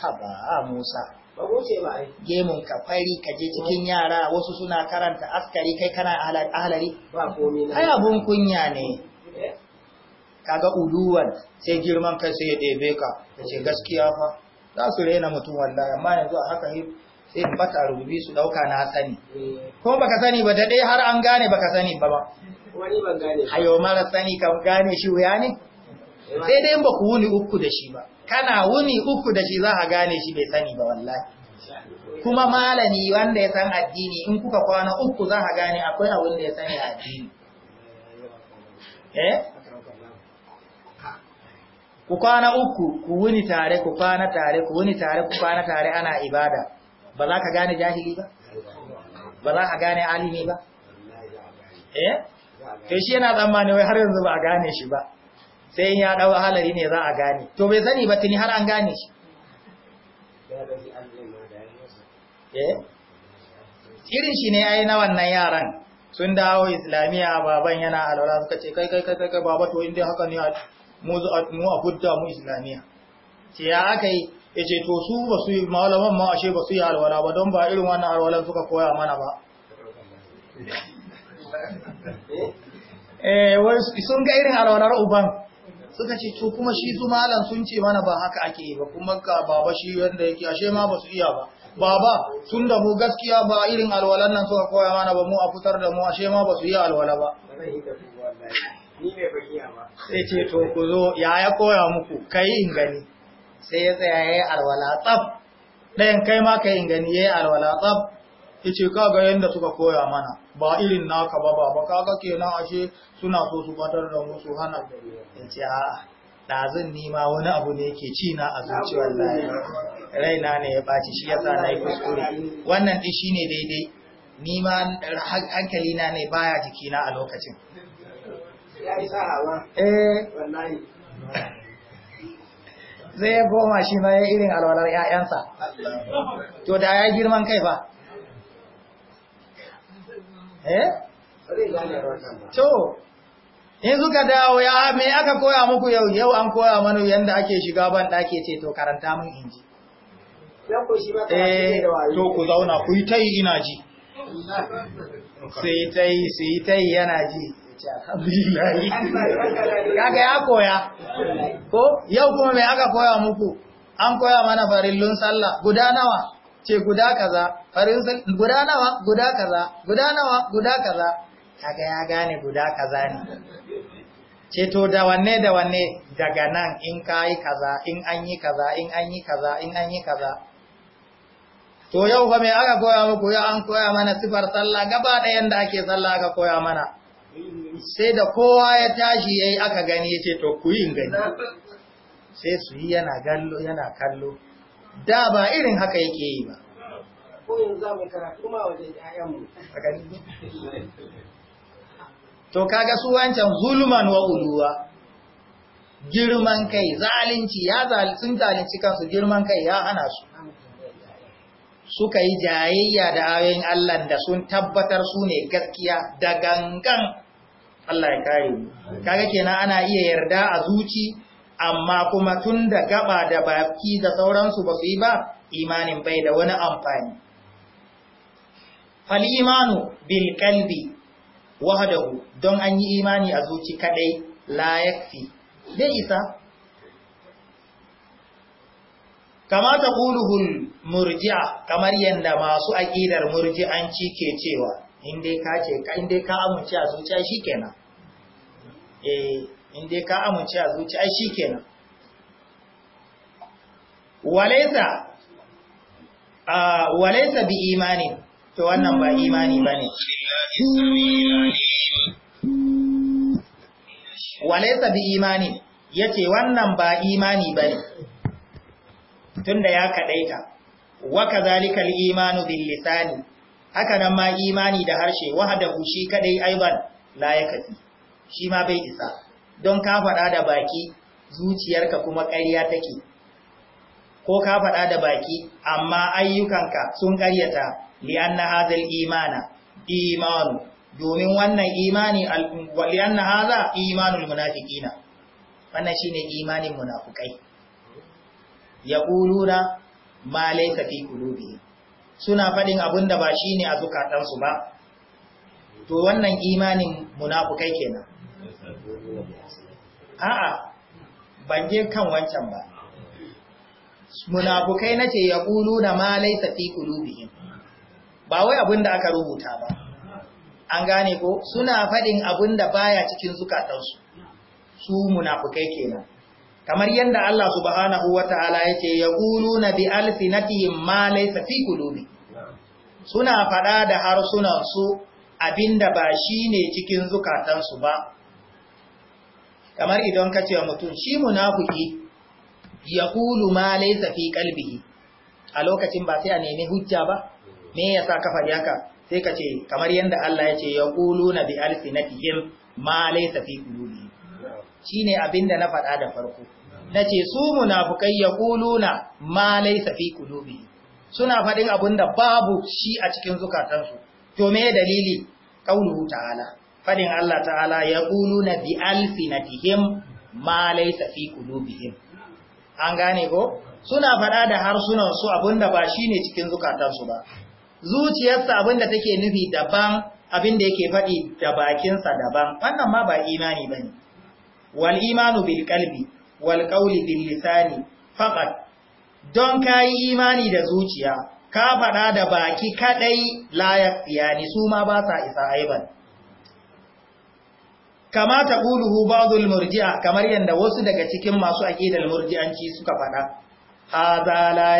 haba musa gemun ka fari ka cikin yara wasu suna karanta askari kai kana ahalari ai abun kunya ne kaga uluwan sai girman kai sai ya ɗebe ka ta ce gaskiya fa za su rena mutum wallahi amma yanzu a haka sai in bata rubi su ɗauka na sani ko baka sani ba da dai har an gane baka sani ba ba wani ban gane ayo mara sani ka gane shi wuya ne sai dai ba ku wuni uku da shi ba kana wuni uku da shi za a gane shi bai sani ba wallahi kuma malami wanda ya san addini in kuka kwana uku za a gane akwai abin da ya sani a addini eh ku kwana uku ku wuni tare ku kwana tare ku wuni tare ku kwana tare ana ibada ba za ka gane jahili ba ba za ka gane alimi ba eh to shi yana tsammani wai har yanzu ba a gane shi ba sai in ya dau halari ne za a gane to bai sani ba tuni har an gane shi eh irin shi ne ai na wannan yaran sun dawo islamiya baban yana alwala suka ce kai kai kai kai baba to inda haka ne mu a fudda mu islamiyya ce ya aka yi ya ce to su ba su yi malaman ma ashe ba su yi alwala ba don ba irin wannan alwalan suka koya mana ba eh sun ga irin alwalar uban suka ce to kuma shi su malam sun ce mana ba haka ake yi ba kuma ka baba shi wanda yake ashe ma ba su iya ba baba sun da mu gaskiya ba irin alwalan nan suka koya mana ba mu a fitar da mu ashe ma ba su yi alwala ba sai ce to ku zo ya ya koya muku kai in gani sai ya tsaya ya yi alwala tsaf ɗayan kai ma kai in gani ya yi alwala tsaf ya ce ga yadda suka koya mana ba irin naka ba ba ga kenan ashe suna so su batar da musu hana ya ce a'a ɗazin nima wani abu ne ke ci na a zuci wallahi raina ne ya ɓaci shi yasa na yi kuskure wannan ɗin shi ne daidai nima hankali ne baya jikina a lokacin Eh. zai ya goma shi ma ya irin alwalar ‘ya'yansa, to da ya girman kai eh? ba. Eh? To, in suka dawo ya me aka koya muku yau, yau an koya mana yadda ake shiga ban ɗake ce to karanta mun inji. Eh, to ku zauna, ku yi ta yi ina ji. Sai su yi ta yi yana ji. kake ya koya ko yau kuma me aka koya muku an koya mana farillun sallah guda nawa ce guda kaza farin guda nawa guda kaza guda nawa guda kaza kaga ya gane guda kaza ne ce to da wanne da wanne daga nan in yi kaza in an yi kaza in an yi kaza in an yi kaza to yau fa mai aka koya muku ya an koya mana sifar sallah gaba ɗayan da ake sallah aka koya mana sai da kowa ya tashi ya yi aka gani ya ce to ku yin gani sai su yi yana gallo yana kallo da ba irin haka yake yi ba to kaga su wancan zulman wa uluwa girman kai zalunci ya zalunci zalunci kansu girman kai ya hana su suka yi jayayya da ayoyin Allah da sun tabbatar su ne gaskiya da gangan Allah ya kare mu kaga kenan ana iya yarda a zuci amma kuma tun da gaba da baki da sauransu ba su yi ba imanin bai da wani amfani fal imanu bil qalbi wahdahu don an yi imani a zuci kadai la yakfi dai isa kama ta quluhul murji'a kamar yanda masu aqidar murji'anci ke cewa in dai ka ce ka in dai ka amince a zuciya shikenan in eh, inda ka amince a zuci ai shikenan walaysa a walaysa bi imanin to wannan ba imani bane walaysa bi imanin yace wannan ba imani bane tunda ya kadaita wa kadhalika al-imanu bil lisani haka nan ma imani da harshe wahada shi kadai aiban la yakati shi ma bai isa don ka faɗa da baki zuciyarka kuma ƙarya take ko ka faɗa da baki amma ayyukanka sun ƙaryata li'anna hadhal imana imanu domin wannan imani li'anna hadha imanul munafiqina wannan shine imanin munafikai yaquluna ma laysa fi qulubihim suna faɗin abinda ba shine a zukatansu ba to wannan imanin munafikai kenan a'a ban je kan wancan ba munafukai nace yaquluna ma laisa fi qulubihim ba wai abin da aka rubuta ba an gane ko suna fadin abin da baya cikin zukatansu su munafukai kenan kamar yadda Allah subhanahu wataala yake na bi alsinatihim ma laisa fi qulubi suna faɗa da harsunan su abinda ba shine cikin zukatansu ba kamar idan ka ce wa mutum shi munafiki ya kulu ma laisa fi kalbihi a lokacin ba sai a nemi hujja ba me yasa ka faɗi haka sai ka ce kamar yanda Allah ya ce ya kulu na bi alsinatihim ma laisa fi qulubihim shine abinda na faɗa da farko nace su munafikai ya kulu na ma laisa fi kulubi suna faɗin abinda babu shi a cikin zukatansu to me dalili kauluhu ta'ala fadin Allah ta'ala ya na bi alfinatihim ma laisa fi qulubihim an gane ko suna faɗa da harsunan su abinda ba shine cikin zukatansu ba zuciyarsa abinda take nufi daban abinda yake faɗi da bakinsa daban wannan ma ba imani bane wal imanu bil qalbi wal qawli bil lisani faqat don kai imani da zuciya ka faɗa da baki kadai la yani su ma ba sa isa aibani kama ta ƙuluhu ba'dul murji'a kamar yadda wasu daga cikin masu aƙidar murji'anci suka faɗa haza la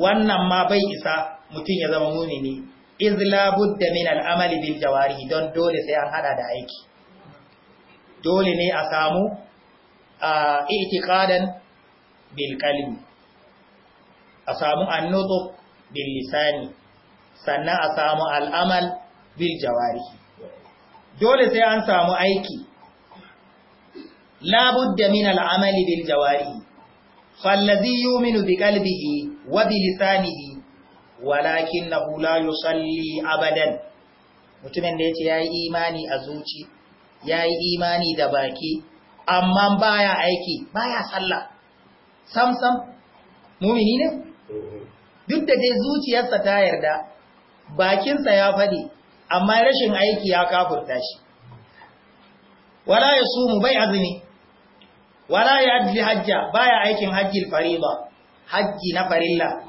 wannan ma bai isa mutum ya zama mumini iz la budda min al'amali bil jawarihi don dole sai an haɗa da aiki dole ne a samu a bil qalbi a samu annutu bil lisani sannan a samu al'amal bil jawarihi dole sai an samu aiki labudda min al'amali bil jawarihi fallazi yuminu bi qalbihi wa bi lisanihi walakinahu la yusalli abadan mutumin da yace yayi imani a zuci yayi imani da baki amma baya aiki baya sallah sam sam mumini ne mhm. duk da dai zuciyarsa ta yarda bakinsa ya faɗi amma rashin aiki ya kafurta shi wala ya sumu bai azumi wala ya adli hajja baya aikin hajjil fariba hajji na farilla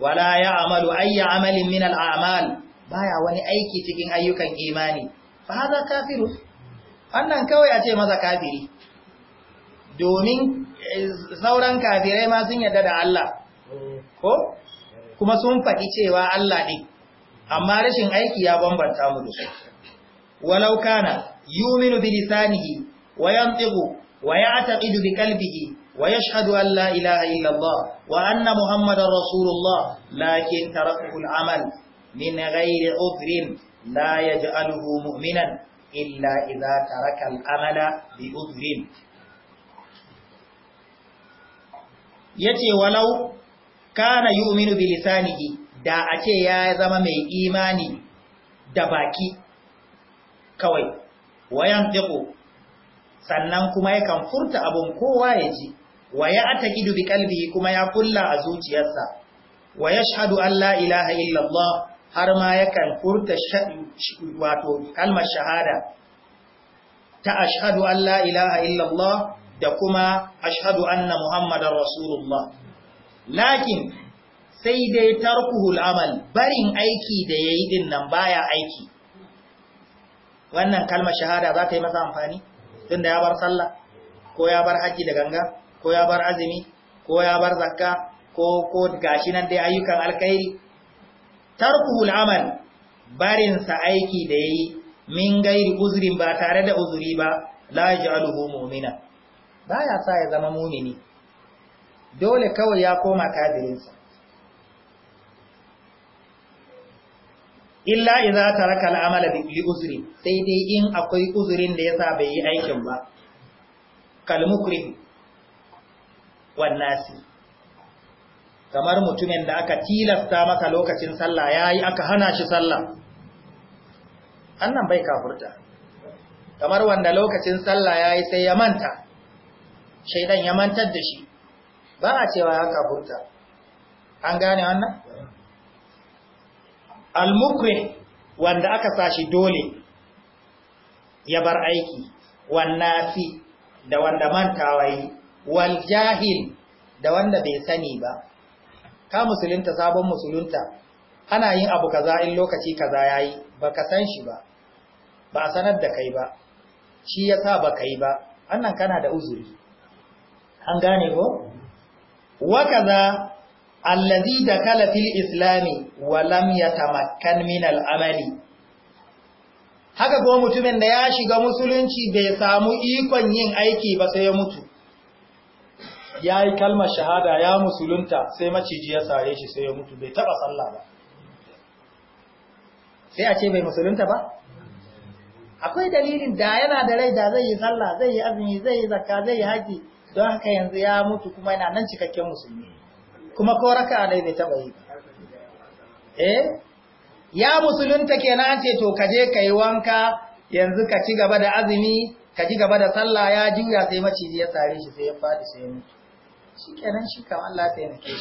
wala ya amalu ayya amalin min al'amal baya wani aiki cikin ayyukan imani fa hada kafiru wannan kawai a ce masa kafiri domin eh, sauran kafirai ma sun yarda da Allah ko kuma sun faɗi cewa Allah ne amma rashin aiki ya bambanta mu da su walau kana yu'minu bi lisanihi wa yantiqu wa ya'taqidu bi qalbihi wa yashhadu an la ilaha illa Allah wa anna Muhammadar Rasulullah lakin tarakahu al-amal min ghairi udhrin la yaj'aluhu mu'minan illa idha taraka al-amala bi udhrin yace walaukana kana yu'minu bi lisanihi da a ce ya zama mai imani da baki kawai wayan tiku sannan kuma yakan furta abun kowa ya ji Waya ata atakidu bi kalbi kuma ya kulla a zuciyarsa Waya yashhadu an la ilaha illallah har ma yakan furta wato kalmar shahada ta ashadu an la ilaha illallah da kuma ashadu anna muhammadar rasulullah lakin sai dai tarkuhul amal barin aiki da ya yi din nan baya aiki wannan kalmar shahada za ta yi masa amfani tunda ya bar sallah ko ya bar haji da ganga ko ya bar azumi ko ya bar zakka ko ko gashi nan dai ayyukan alkhairi tarkuhul amal barin sa aiki da ya yi min gairi uzurin ba tare da uzuri ba la yaj'aluhu mu'mina baya sa ya zama mu'mini dole kawai ya koma kafirinsa illa idza taraka al'amala bi li uzri sai dai in akwai uzurin da yasa bai yi aikin ba kal mukrim wan nasi kamar mutumin da aka tilasta maka lokacin sallah yayi aka hana shi sallah annan bai kafurta kamar wanda lokacin sallah yayi sai ya manta shaydan ya mantar da shi ba a cewa ya kafurta an gane wannan al wanda aka sashi dole ya bar aiki wannafi da wanda mantawa yi wal jahil da wanda bai sani ba ka musulunta sabon musulunta ana yin abu kaza in lokaci kaza yayi baka san shi ba ba a sanar da kai ba shi yasa baka yi ba Annan kana da uzuri an gane ko wa kaza allazi da kalafil islami walam ya tamakkan min al'amali haka ko mutumin da ya shiga musulunci bai samu ikon yin aiki ba sai ya mutu ya yi kalmar shahada ya musulunta sai maciji ya sare shi sai ya mutu bai taba sallah ba sai a ce bai musulunta ba akwai dalilin da yana da rai da zai yi sallah zai yi azumi zai yi zakka zai yi haji don haka yanzu ya mutu kuma yana nan cikakken musulmi kuma ko raka ne bai taba yi eh ya musulunta kenan an ce to kaje kai wanka yanzu ka ci gaba da azumi ka ci gaba da sallah ya juya sai maciji ya tsare shi sai ya fadi sai ya mutu shi kenan shi kam Allah sai ya shi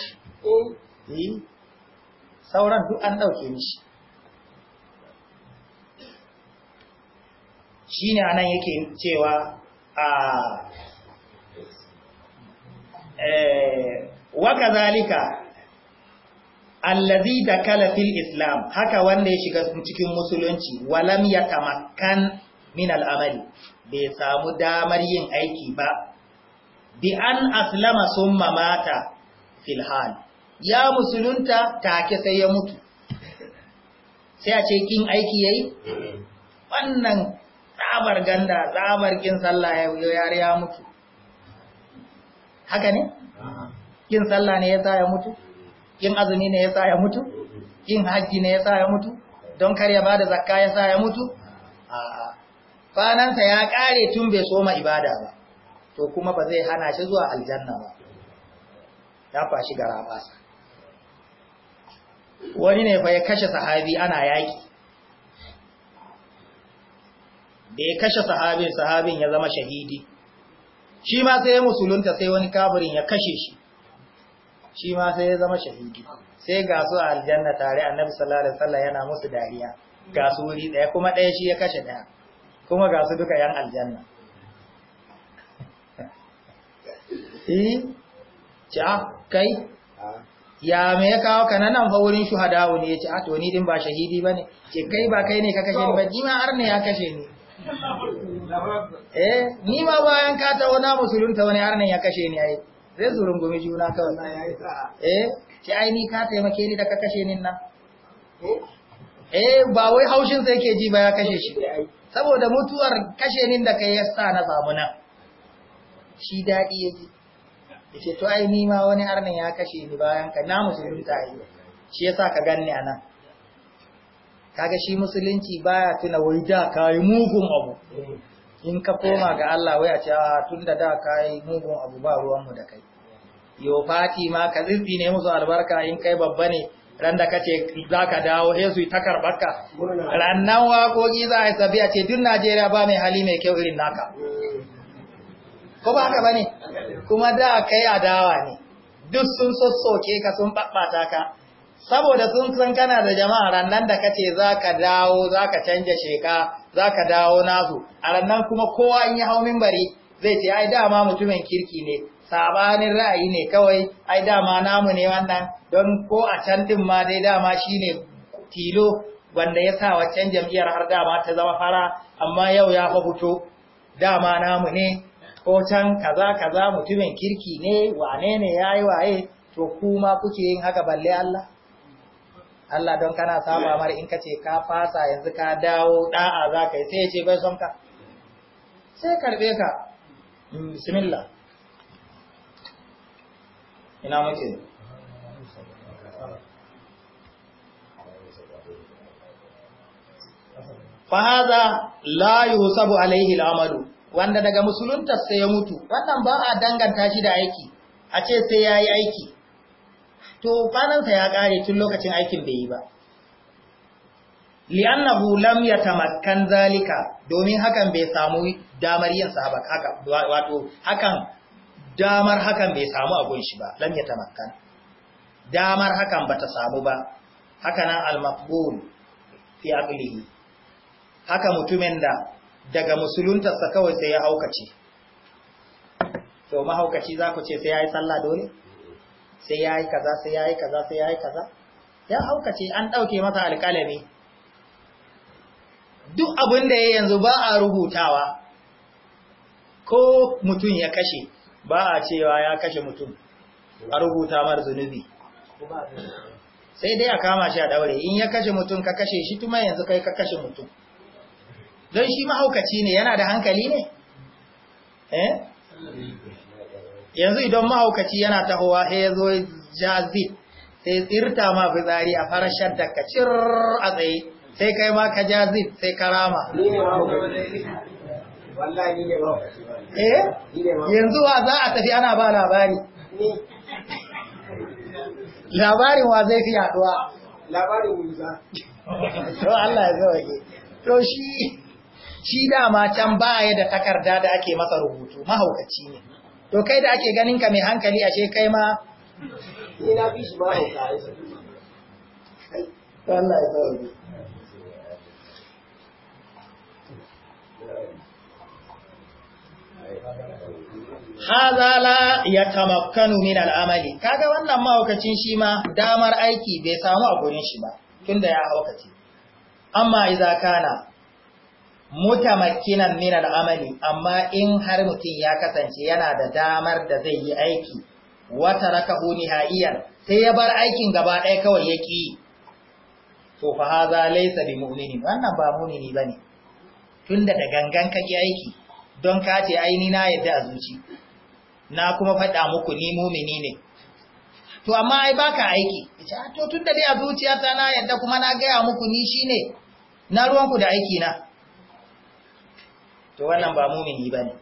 eh sauran duk an dauke mishi shine anan yake cewa a eh waka zalika allazi da kalafil islam haka wanda ya shiga cikin musulunci walam ya tamakkan min al'amari, bai samu damar yin aiki ba bi an aslama sun mamata filhal ya musulunta take sai ya mutu sai a ce kin aiki yayi wannan tsabar ganda tsabar kin sallah ya yar ya mutu haka ne kin sallah ne yasa ya mutu kin azumi ne yasa ya mutu kin haji ne yasa ya mutu don kar ya bada zakka yasa ya mutu a'a sa ya kare tun bai soma ibada ba to kuma ba zai hana shi zuwa aljanna ba ya fashi gara basa wani ne fa ya kashe sahabi ana yaki da kashe sahabin sahabin ya zama shahidi shi ma sai musulunta sai wani kafirin ya kashe shi shi ma sai ya zama shahidi sai ga su a aljanna tare annabi sallallahu alaihi wasallam yana musu dariya ga su wuri daya kuma daya shi ya kashe daya kuma ga su duka yan aljanna eh ah, ja kai ah. ya me ya kawo ka nan fa wurin shuhada ne yace a ah, to ni din ba shahidi bane ce kai ba kai ne ka kashe ni ba ni ma har ne ya kashe ni eh ni ma bayan ka ta wani musulunta wani har ne ya kashe ni ai Zai zurun gumi juna kawai eh ki aini ka taimake ni da ka kashe ni nan eh, eh ba wai haushin sai yake ji ba ya kashe shi eh, saboda mutuwar kashe ni da kai ya sa na samu nan shi dadi yake yace to ai ni ma wani arnin ya kashe ni bayan ka na musulun ta yi shi yasa ka ganni anan kaga shi musulunci baya tuna wai da kai mugun abu eh. in ka koma ga Allah wai a ce ah, tun da da ka yi mugun abu ba ruwanmu da kai yo fati ma ka zirfi ne musu albarka in kai babba ne ran da kace za ka dawo sai su yi ta karbarka rannan waƙoƙi za a yi sabi a ce duk najeriya ba mai hali mai kyau irin naka ko ba haka ba ne kuma da kai adawa ne duk sun sossoke ka sun ɓaɓɓata ka saboda sun san kana da jama'a rannan da kace za ka dawo za ka canja sheka za ka dawo nasu a rannan kuma kowa in yi hau bari zai ce ai dama mutumin kirki ne sabanin ra'ayi ne kawai ai dama namu ne wannan don ko a can din ma dai dama shine tilo wanda ya sa waccan jam'iyyar har dama ta zama fara amma yau ya fa fito dama namu ne ko can kaza kaza mutumin kirki ne wane ne yayi waye to kuma kuke yin haka balle Allah Allah don kana saba mar in kace ka fasa yanzu ka dawo da'a zaka yi sai ya ce bai son ka sai karbe ka mm, bismillah ina muke fahaza la yusabu alaihi al'amalu wanda daga musulunta sai ya mutu wannan ba a danganta shi da aiki a ce sai ya yi aiki to kwanansa ya kare tun lokacin aikin bai yi ba li'annahu lam yatamakkan zalika domin hakan bai samu damar yin sa wato hakan damar hakan bai samu abun shi ba lam yatamakkan damar hakan bata samu ba hakanan al-maqbul fi aqlihi haka mutumin da daga sa kawai sai ya haukace to mahaukaci za ku ce sai ya yi sallah dole sai ya yi kaza sai ya yi kaza sai ya yi kaza ya haukace an ɗauke masa alƙalami duk abin da ya yanzu ba a rubutawa ko mutum ya kashe ba a cewa ya kashe mutum a rubuta mar zunubi sai dai a kama shi a daure in ya kashe mutum ka kashe shi tuma yanzu kai ka kashe mutum don shi mahaukaci ne yana da hankali ne eh yanzu idan mahaukaci yana tahowa sai ya zo jazi sai tsirta ma fitsari a farashar da kacir a tsaye sai kai ma ka jazi sai rama. eh yanzu wa za a tafi ana ba labari labarin wa zai fi yaduwa labarin wuza to Allah ya ke. to shi shi dama can baya da takarda da ake masa rubutu mahaukaci ne to kai da ake ganin ka mai hankali ashe kai ma ina fi shi ba hauka Allah ya hazala ya tamakkanu min al'amali kaga wannan mahaukacin shi ma damar aiki bai samu a gurin shi ba tunda ya haukaci. amma idza kana mutamakkinan min al'amali amma in har mutum ya kasance yana da damar da zai yi aiki wata raka huni ha'iyar. sai ya bar aikin gaba ɗaya kawai ya ƙi to fa haza laisa bi mu'minin wannan ba mu'mini ne. tunda da gangan kake aiki don ka ce aini na yadda a zuci na kuma faɗa muku ni mumini ne to amma ai baka aiki ita ah, to tunda dai a zuciyata na yadda kuma na gaya muku ni shine na ruwanku da aiki na to wannan ba mumini bane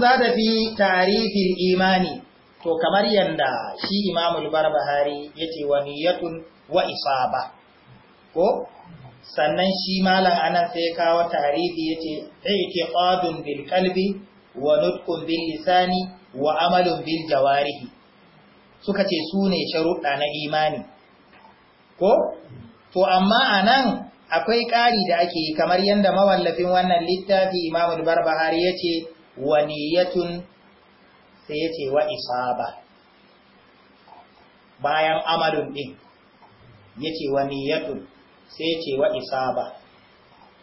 za da fi tarifin imani to kamar yanda shi imamul barbahari ya wa niyatun wa isaba ko sannan shi malam anan sai kawo tarihi ya ce itiqadun bil qalbi wa nutqun bil lisani wa amalun bil jawarihi suka ce su ne sharuɗa na imani ko to amma anan akwai ƙari da ake yi kamar yanda mawallafin wannan littafi imamul barbahari ya wa niyatun sai ya ce wa isaba bayan amalun ɗin ya ce wa niyatun sai ya ce wa isaba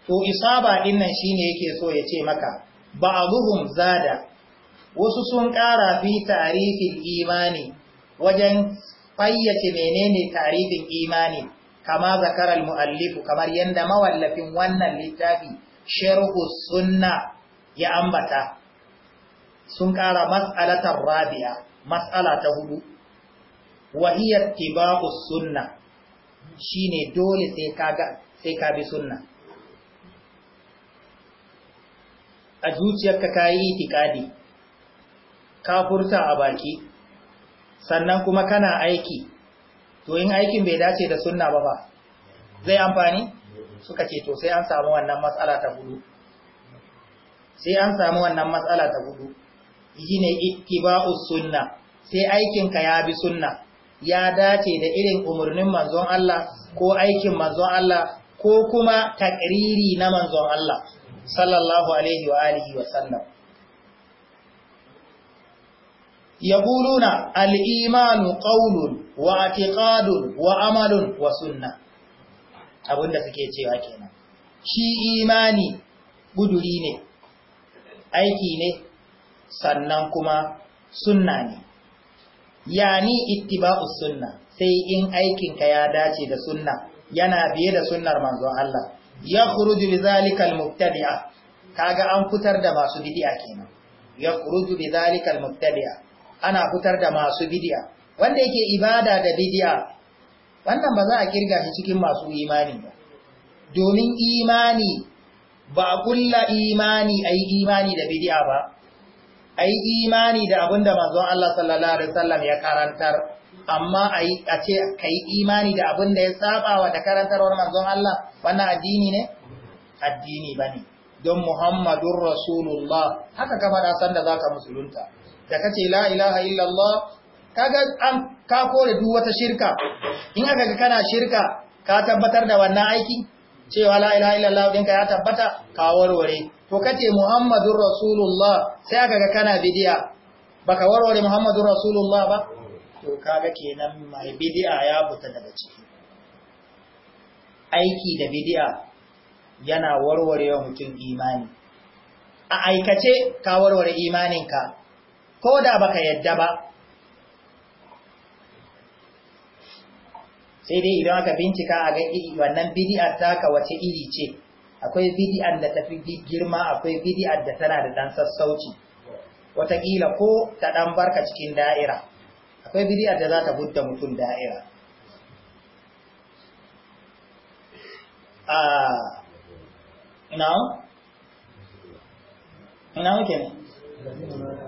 to isaba ɗin nan shi yake so ya ce maka ba abuhun zada wasu sun ƙara fi tarifin imani wajen fayyace menene tarifin imani kama zakarar mu'allifu kamar yadda mawallafin wannan littafi sharhu sunna ya ambata sun ƙara mas'alatar rabi'a matsala ta hudu wahiyar tibahu sunna shine dole sai ka sai bi sunna a zuciyarka ka yi itikadi ka furta a baki sannan kuma kana aiki to in aikin bai dace da sunna ba ba zai amfani suka ce to sai an samu wannan matsala ta hudu sai an samu wannan matsala ta hudu shine ittiba'us sunna sai aikin ka ya bi sunna ya dace da irin umarnin manzon Allah ko aikin manzon Allah ko kuma takriri na manzon Allah sallallahu alaihi wa alihi wa sallam yaquluna al-imanu qawlun wa i'tiqadun wa amalun wa sunna abinda suke cewa kenan shi imani guduri ne aiki ne sannan kuma sunna ne ya yani ittiba'u sunna sai in aikinka ya dace da sunna yana biye da sunnar manzon Allah ya khuruju bi zalikal mubtadia kaga an fitar da masu bid'a kenan ya khuruju bi zalikal ana fitar da masu bid'a wanda yake ibada da bid'a wannan ba za a kirga shi cikin masu imani ba domin imani ba kulla imani ai imani da bid'a ba a yi imani da abin da Allah sallallahu Alaihi wasallam ya karantar, amma a ce ka yi imani da abin da ya saɓawa da karantarwar manzon Allah wannan addini ne? Addini ba ne, don Muhammadun Rasulullah haka ka san da za ka musulunta, da ka ce la'ilaha illallah, kaga an ka kore duk wata shirka, in aka ga kana shirka ka tabbatar da wannan aiki? cewa la ilaha illallah ka ya tabbata ka warware to kace muhammadur rasulullah sai aka ga kana bidiya baka warware muhammadur rasulullah ba to kaga kenan mai bidiya ya buta daga ciki aiki da bidiya yana warwarewa mutum imani a aikace ka warware imaninka ko da baka yadda ba sai dai idan aka bincika a ga iri wannan bid'ar taka wace iri ce akwai bidi'ar da tafi girma akwai bidi'ar da tana da dan sassauci wataƙila ko ta dan barka cikin da'ira akwai bidi'ar da za ta budda mutum da'ira Allah zina la ya ne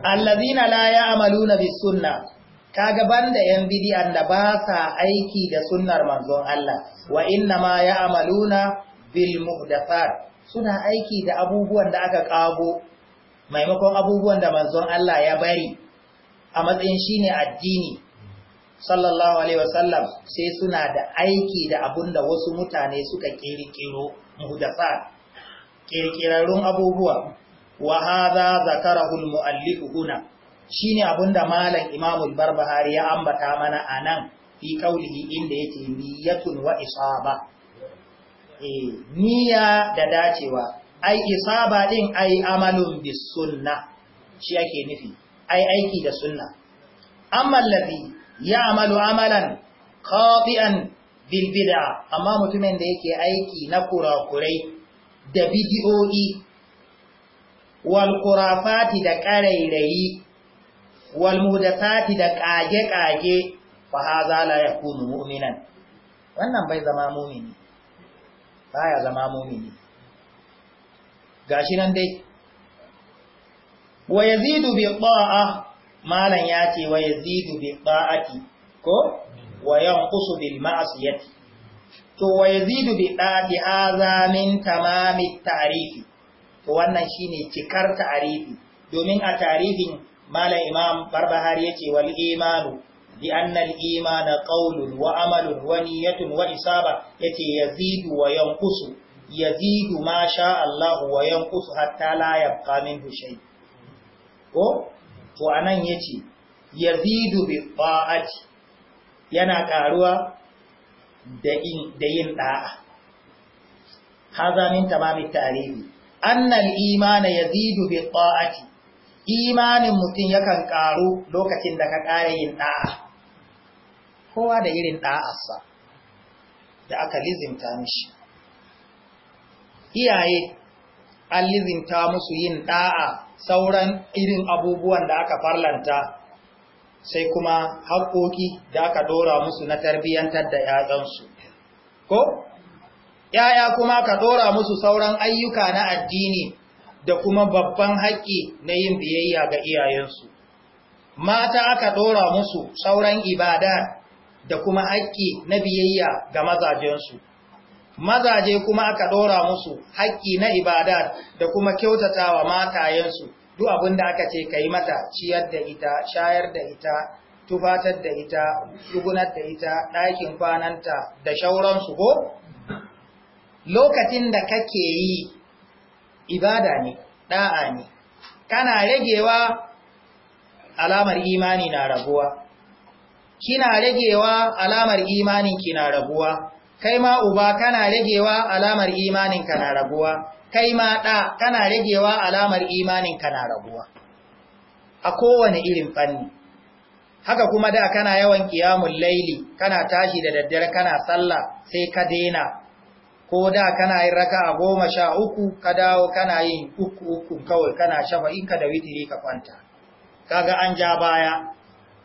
allazina la ya'maluna bis sunnah kaga banda yan bid'an da ba sa aiki da sunnar manzon Allah wa inna ma ya'maluna bil muhdathat suna aiki da abubuwan da aka kago maimakon abubuwan da manzon Allah ya bari a matsayin shine addini sallallahu alaihi wasallam sai suna da aiki da abunda wasu mutane suka kirkiro muhdathat kirkirarun abubuwa wa hadha zakarahu al muallif huna Shi shine abinda malam imamul barbahari ya ambata mana a nan fi kaulihi inda yake niyatun wa isaba e eh, niya da dacewa ai isaba din ai amalun bis sunna shi yake nufi ai aiki da sunna amma allazi amalu amalan khati'an bil amma mutumin da yake aiki na kurakurai da bidiyoyi wal khurafati da karairayi wal muhdathati da kage kage fa hadha la yakunu mu'minan wannan bai zama mu'mini baya zama mu'mini gashi nan dai wa yazidu bi ta'a malan yace wa yazidu bi ta'ati ko wa yanqusu bil ma'siyati to wa yazidu bi ta'ati hadha min tamami ta'rifi to wannan shine cikar ta'rifi domin a ta'rifin malam imam barbahari yace wal imanu bi anna al imana qawlun wa amalun wa niyyatun wa isaba yace yazidu wa yanqusu yazidu ma sha Allah wa yanqusu hatta la yabqa minhu shay ko to anan yace yazidu bi ta'ati yana karuwa da yin da'a Hazamin min tamamit ta'rifi anna al imana yazidu bi ta'ati imanin mutum yakan ƙaru lokacin da ka ƙare yin ɗa'a kowa da irin ɗa'arsa da aka lizinta mishi iyaye an lizinta musu yin ɗa'a sauran irin abubuwan da aka farlanta sai kuma haƙoƙi da aka ɗora musu na tarbiyyantar da ‘ya'yansu ko ‘ya'ya kuma ka ɗora musu sauran ayyuka na addini da kuma babban haƙƙi na yin biyayya ga iyayensu mata aka ɗora musu sauran ibada da kuma haƙƙi na biyayya ga mazajensu mazaje kuma aka ɗora musu haƙƙi na ibada da kuma kyautata wa matayensu duk abin da aka ce ka yi mata ciyar da ita shayar da ita tufatar da ita tsugunar da ita ɗakin kwananta da shauransu ko lokacin da kake yi ibada ne da'a ne kana ragewa alamar imani na raguwa kina ragewa alamar imanin ki na raguwa kai ma uba kana ragewa alamar imanin ka na raguwa kai ma da kana ragewa alamar imanin ka na raguwa a kowane irin fanni haka kuma da kana yawan qiyamul laili kana tashi da daddare kana sallah sai ka daina ko da kana yin a goma sha uku ka dawo kana yin uku uku kawai kana shafa in ka da witiri ka kwanta kaga an ja baya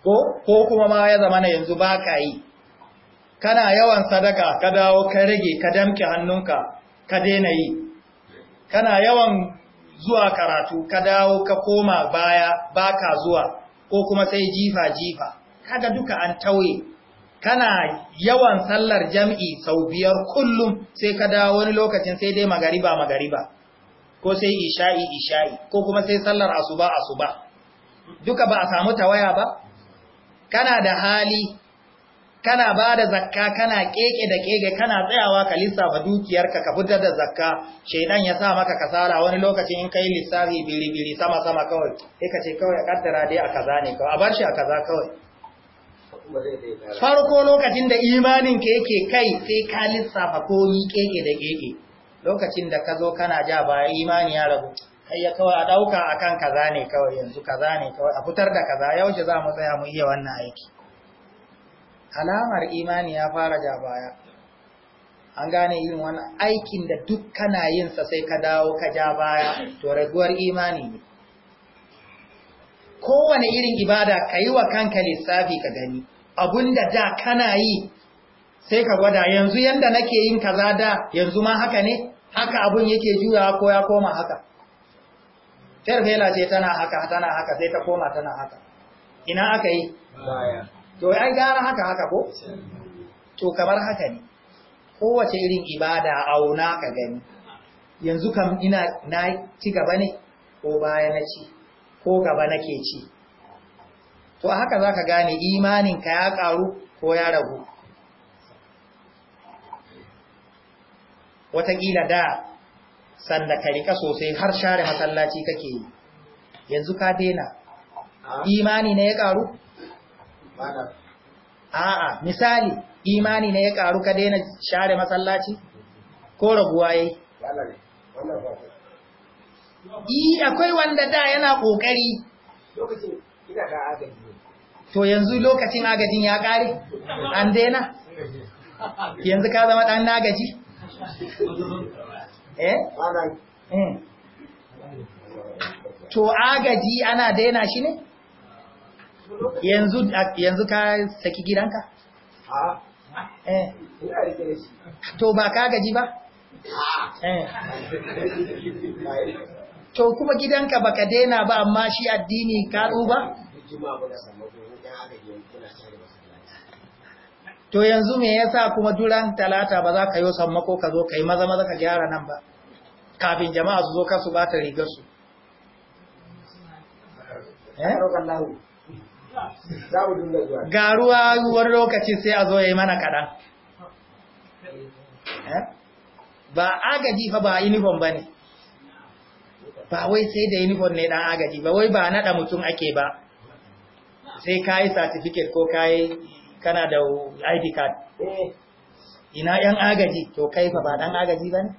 ko ko kuma ma ya zama yanzu ba ka yi kana yawan sadaka ka dawo ka rage ka damke hannunka ka daina yi kana yawan zuwa karatu ka dawo ka koma baya baka zuwa ko kuma sai jifa jifa kaga duka an tauye kana yawan sallar jam'i sau biyar kullum sai ka dawo wani lokacin sai dai magariba magariba ko sai isha'i isha'i ko kuma sai sallar asuba asuba duka ba a samu tawaya ba kana da hali kana ba da zakka kana keke da keke kana tsayawa ka lissafa dukiyarka ka fitar da zakka shaidan ya sa maka kasara? wani lokacin in kai lissafi biri biri sama sama kawai sai ka ce kawai a kaddara dai a kaza ne kawai a bar shi a kaza kawai farko lokacin da imanin ka yake kai sai ka lissafa komi keke da keke lokacin da ka zo kana ja ba imani ya rabu kai ya kawai a dauka kan kaza ne kawai yanzu kaza ne kawai a fitar da kaza yaushe za mu tsaya mu iya wannan aiki alamar imani ya fara ja baya an gane yin wani aikin da duk kana sa sai ka dawo ka ja baya to raguwar imani ne kowane irin ibada ka yi wa kanka lissafi ka gani Abun da kana yi sai ka gwada yanzu yanda nake yin kaza da yanzu ma haka ne haka abun yake juyawa ko ya koma haka fela ce tana haka tana haka sai ta koma tana haka ina aka yi to ai gara haka haka ko to kamar haka ne kowace irin ibada auna ka gani yanzu kam ina na ci gaba ne ko baya na ci ko gaba nake ci to haka za ka gane imaninka ya ƙaru ko ya ragu Wataƙila da sanda ka rika sosai har share masallaci kake yi yanzu ka daina imani ne ya ƙaru? a'a misali imani ne ya ƙaru ka daina share masallaci ko raguwa yi yi akwai wanda da yana ƙoƙari lokacin ina da agaji to yanzu lokacin agajin ya ƙare an daina yanzu ka zama ɗan nagaji eh? eh to agaji ana daina shi ne yanzu ka saki gidanka eh to ba ka gaji ba eh to kuma gidanka baka daina ba amma shi addini ka duba to yanzu me yasa kuma duran talata ba za ka yi sammako ka zo kai maza maza ka gyara nan ba kafin jama'a su zo ka su bata rigar su eh ga ruwa lokaci sai a zo ya yi mana kaɗan eh? ba agaji fa ba uniform ba ne ba wai sai da uniform ne ɗan agaji ba wai ba naɗa mutum ake ba sai ka yi certificate ko ka yi kana da ID card. Eh. Ina ‘yan agaji, to kai fa ba ɗan agaji ba ne?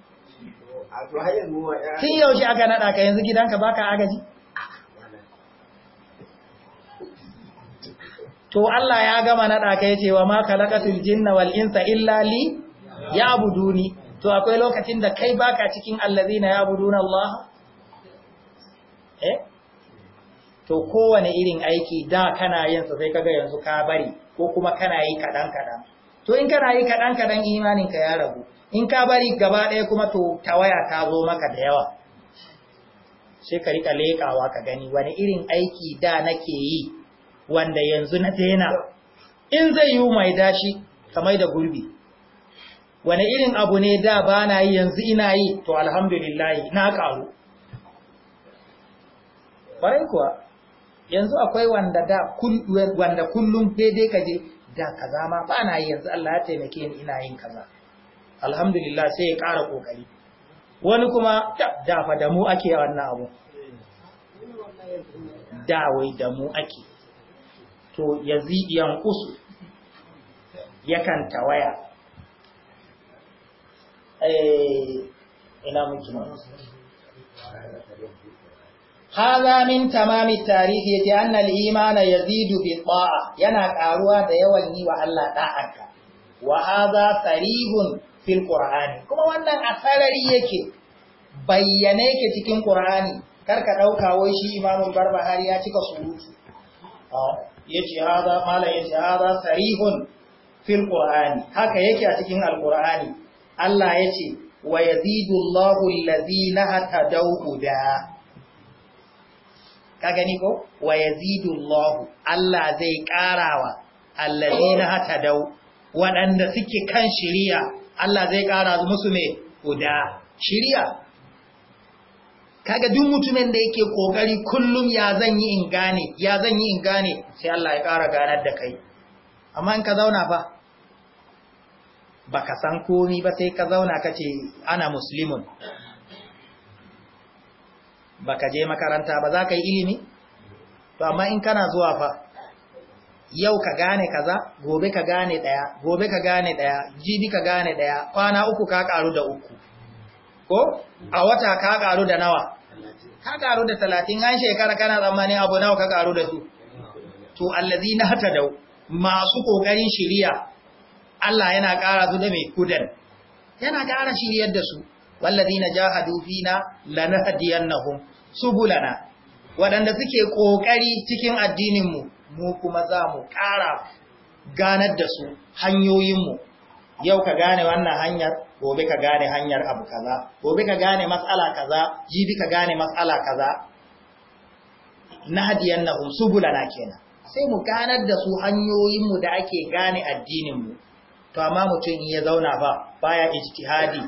Tun yaushe aka naɗa ka yanzu gidanka ba ka agaji? To Allah ya gama naɗa ka ya ce wa ma kalakatul jinna wal insa illa li ya To akwai lokacin da kai baka cikin allazina ya buduna Allah? Eh? to kowane irin aiki da kana yin sa sai kaga yanzu ka bari ko kuma kana yi kadan kadan to in kana yi kadan kadan imanin ka ya ragu in ka bari gaba ɗaya kuma to tawaya ta zo maka da yawa sai ka rika lekawa ka gani wani irin aiki da nake yi wanda yanzu na daina in zai yi mai dashi kamar da gurbi wani irin abu ne da ba na yi yanzu ina yi to alhamdulillah na ƙaru ƙwarai kuwa yanzu akwai wanda da wanda kullum daidai kaje da kaza ma ba na yanzu Allah ya taimake ni ina yin kaza alhamdulillah sai ya ƙara kokari wani kuma da fa da mu ake wannan abu da wai da mu ake to yazidiyan usu yakan tawaya eh ina muke haza min tamami tarihi yace annal imana yazidu bi ta'a yana karuwa da yawan yi wa Allah da'anka wa haza sarihun fil qur'ani kuma wannan asarari yake bayyane yake cikin qur'ani karka dauka wai shi imamun barbahari ya cika surutu yace haza mala yace haza sarihun fil qur'ani haka yake a cikin alqur'ani Allah yace wa yazidu Allahu allazina hatadaw da. ka gani ko wa yazidullahu Allah zai karawa hata hatadau waɗanda suke kan shiriya Allah zai kara musu me guda shiriya kaga duk mutumin da yake kokari kullum ya zan yi in gane ya zan yi in gane sai Allah ya kara ganar da kai amma in ka zauna fa baka san komi ba sai ka zauna kace ana muslimun baka je makaranta ba za ka yi ilimi to amma in kana zuwa fa yau ka gane kaza gobe ka gane daya gobe ka gane daya jibi ka gane daya kwana uku ka karu da uku ko a wata ka karu da nawa ka karu da 30 an shekara kana tsammanin abu nawa ka karu da su to allazina hatadau masu kokarin shiriya Allah yana ƙara su da mai kudan yana kara shiryar da su wallazina jahadu fina lanahdiyannahum subulana waɗanda suke ƙoƙari cikin addininmu mu kuma za mu ƙara ganar da su hanyoyinmu yau ka gane wannan hanyar gobe ka gane hanyar abu kaza gobe ka gane matsala kaza jibi ka gane matsala kaza nahdiyannahum subulana kenan sai mu ganar da su hanyoyinmu da ake gane addininmu to amma mutum ya zauna ba baya ijtihadi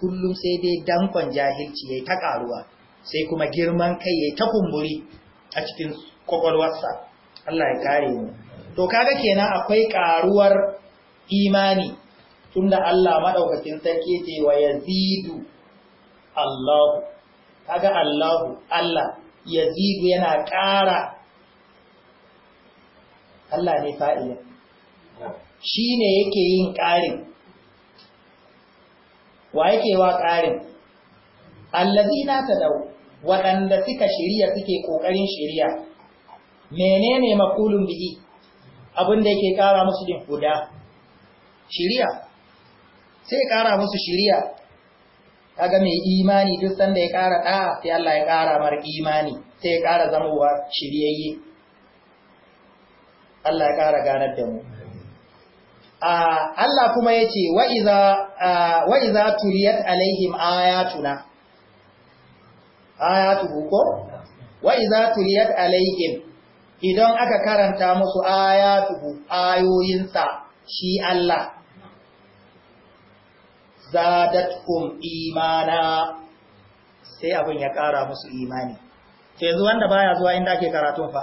kullum sai dai dankon jahilci yayi ta karuwa sai kuma girman kai ya ta kumburi a cikin kwakwalwarsa Allah ya kare mu to kaga kenan akwai karuwar imani tunda Allah madaukakin sarki ce wa yazidu Allah kaga Allah Allah yazidu yana ƙara Allah ne fa'ila shine yake yin ƙarin wa yake wa ƙarin ta dau waɗanda suka shirya suke ƙoƙarin shirya menene makulun bihi abin da yake ƙara musu din huda shirya sai ƙara musu shirya kaga mai imani duk sanda ya ƙara ɗa sai Allah ya ƙara mar imani sai ya ƙara zamowa shiryayye Allah ya ƙara ganar da mu Allah kuma ya ce wa'iza turiyat alaihim ayatuna ayatuhu ko wa idza tuliyat alaihim idan aka karanta musu ayatuhu ayoyinsa shi Allah zadatkum imana sai abin ya kara musu imani to yanzu wanda baya zuwa inda ake karatun fa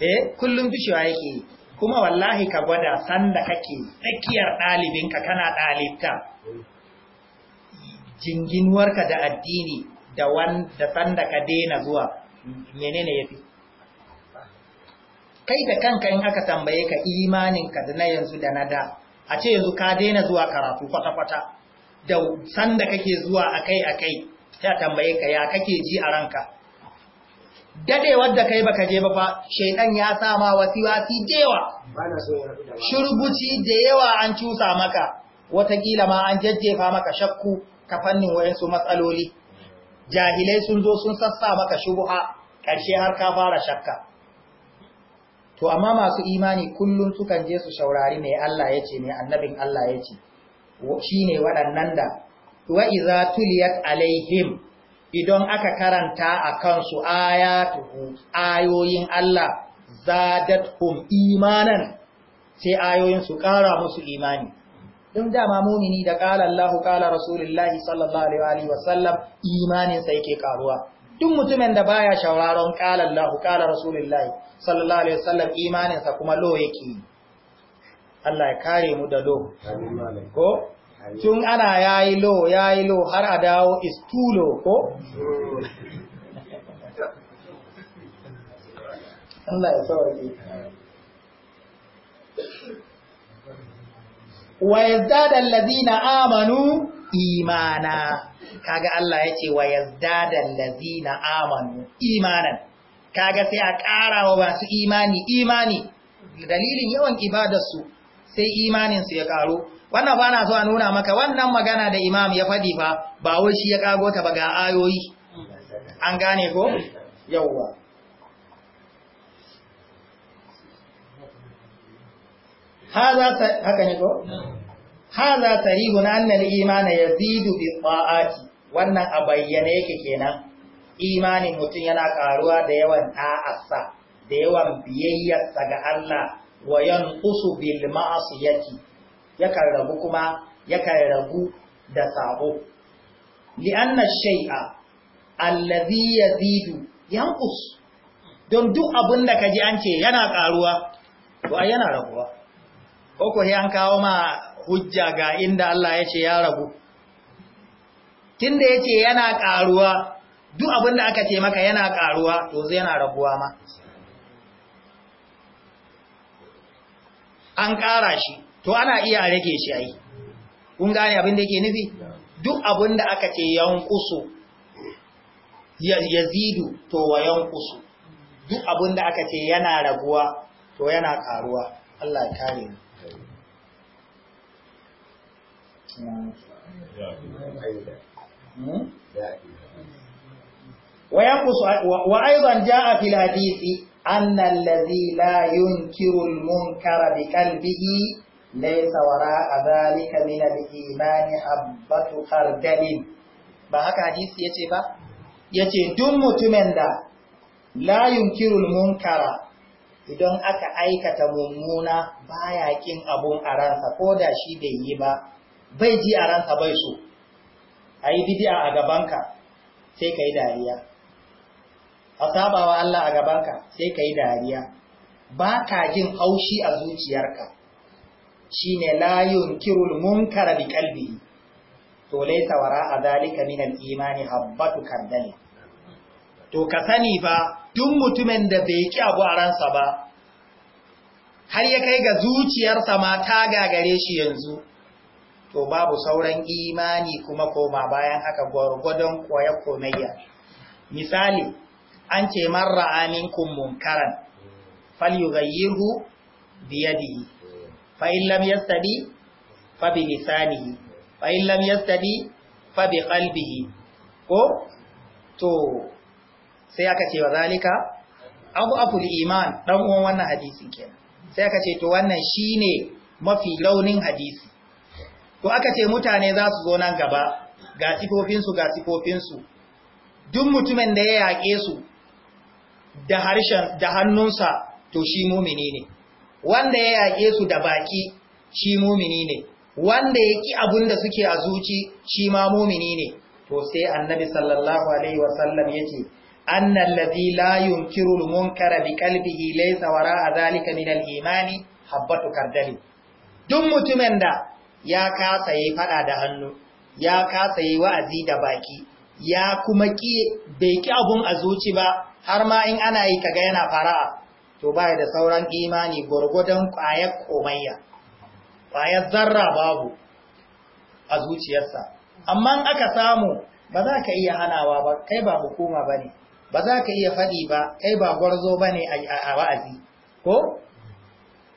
eh kullum bishiya yake yi kuma wallahi ka gwada sanda kake tsakiyar ɗalibinka kana ɗalibta jinginuwarka da addini da san sanda ka daina zuwa menene yafi kai da kanka in aka tambaye ka imaninka da na yanzu da na da a ce yanzu ka daina zuwa karatu kwata-kwata da sanda kake zuwa akai-akai ta tambaye ka ya kake ji a ranka dadewar da kai baka je ba fa shaidan ya sama wasi-wasi dewa shurbuci da yawa an cusa maka watakila ma an jajjefa maka shakku ka fannin wayansu matsaloli jahilai sun zo sun sassa maka shubuha ƙarshe har ka fara shakka to amma masu imani kullum sukan je su shaurari mai Allah ya ce mai annabin Allah ya ce shi ne waɗannan da wa iza tuliyat alaihim idan aka karanta a kansu ayatuhu ayoyin Allah hum imanan sai ayoyin su ƙara musu imani don dama mumini da ƙala Allah ƙala Rasulullahi sallallahu Alaihi wa imanin imaninsa yake ƙaruwa. Duk mutumin da baya shauraron ƙala Allah ƙala Rasulullahi sallallahu Alaihi wa imanin imaninsa kuma lo yake Allah ya kare mu da lo. Ko? Tun ana yayi lo, yayi lo har a dawo is ko? Allah ya sauraki. wa yazdada allazina amanu imana kaga Allah yace wa yazdada allazina amanu imanan kaga sai a ƙarawa wa su imani imani dalilin yawan ibadarsu sai imaninsu ya ƙaru? wannan ba na so a nuna maka wannan magana da imam ya faɗi fa ba wai shi ya kago ta ba ga ayoyi an gane ko yawa haza ta ne ko haza imanin ya zidu yazidu bi wannan a bayyane yake kenan imanin mutum yana karuwa da yawan ɗa'asa da yawan biyayyarsa ga Allah wa kusu bil ma'siyati yakan ragu kuma yakan ragu da sabo li'anna shay'a allazi yazidu yanqus don duk abin da kaji an ce yana karuwa to ai yana raguwa Oko an kawo ma hujja ga inda Allah ya ce ya ragu. Tun da ya ce yana ƙaruwa, duk abin da aka ce maka yana ƙaruwa, to zai yana raguwa ma. An ƙara shi, to ana iya rage shi a yi. Kun gane abin da ke nufi? Duk abin da aka ce ya yazidu to wa kusu? Duk abin da aka ce yana raguwa, to yana ƙaruwa. Allah ya kare mu. وينقص وأيضا جاء في الحديث أن الذي لا ينكر المنكر بقلبه ليس وراء ذلك من الإيمان حبة خردل ba haka hadisi yace ba yace duk mutumin da layun kirul munkara idan aka aikata mummuna baya kin abun a ransa ko da shi bai yi ba bai ji a ransa bai so a yi bidiya a gabanka sai ka yi dariya a sabawa Allah a gabanka sai ka yi dariya ba ka jin haushi a zuciyarka shi ne layun kirul munkara bi kalbi to laisa wara a zalika minan imani habbatu to ka sani ba duk mutumin da bai ki abu a ransa ba har ya kai ga zuciyarsa ma ta gagare shi yanzu to babu sauran imani kuma koma bayan haka gwargwadon koya komayya misali an ce marra ra'a minkum munkaran falyughayyirhu biyadihi fa in lam yastadi fa bi lisanihi fa in lam yastadi fa bi qalbihi ko to sai aka ce wa zalika abu aful iman dan uwan wannan hadisin kenan sai aka ce to wannan shine mafi launin hadisi to aka ce mutane za su zo nan gaba ga sifofinsu ga sifofinsu duk mutumin da ya yaƙe su da harshen da hannunsa to shi mumini ne wanda ya yaƙe su da baki shi mumini ne wanda ya ƙi abin da suke a zuci shi ma mumini ne to sai annabi sallallahu alaihi wasallam ya ce annan lazi layun kirul munkara bi kalbihi laisa wara a zalika minal imani habbatu kardali duk mutumin da ya kasa yi fada da hannu ya kasa yi wa'azi da baki ya kuma ki bai ki abun a zuci ba har ma in ana yi kaga yana fara'a to baya da sauran imani gwargwadon ƙwayar komayya ƙwayar zarra babu a zuciyarsa amma aka samu ba za ka iya hanawa ba kai ba hukuma ba ne ba za ka iya faɗi ba kai ba gwarzo ba ne a wa'azi ko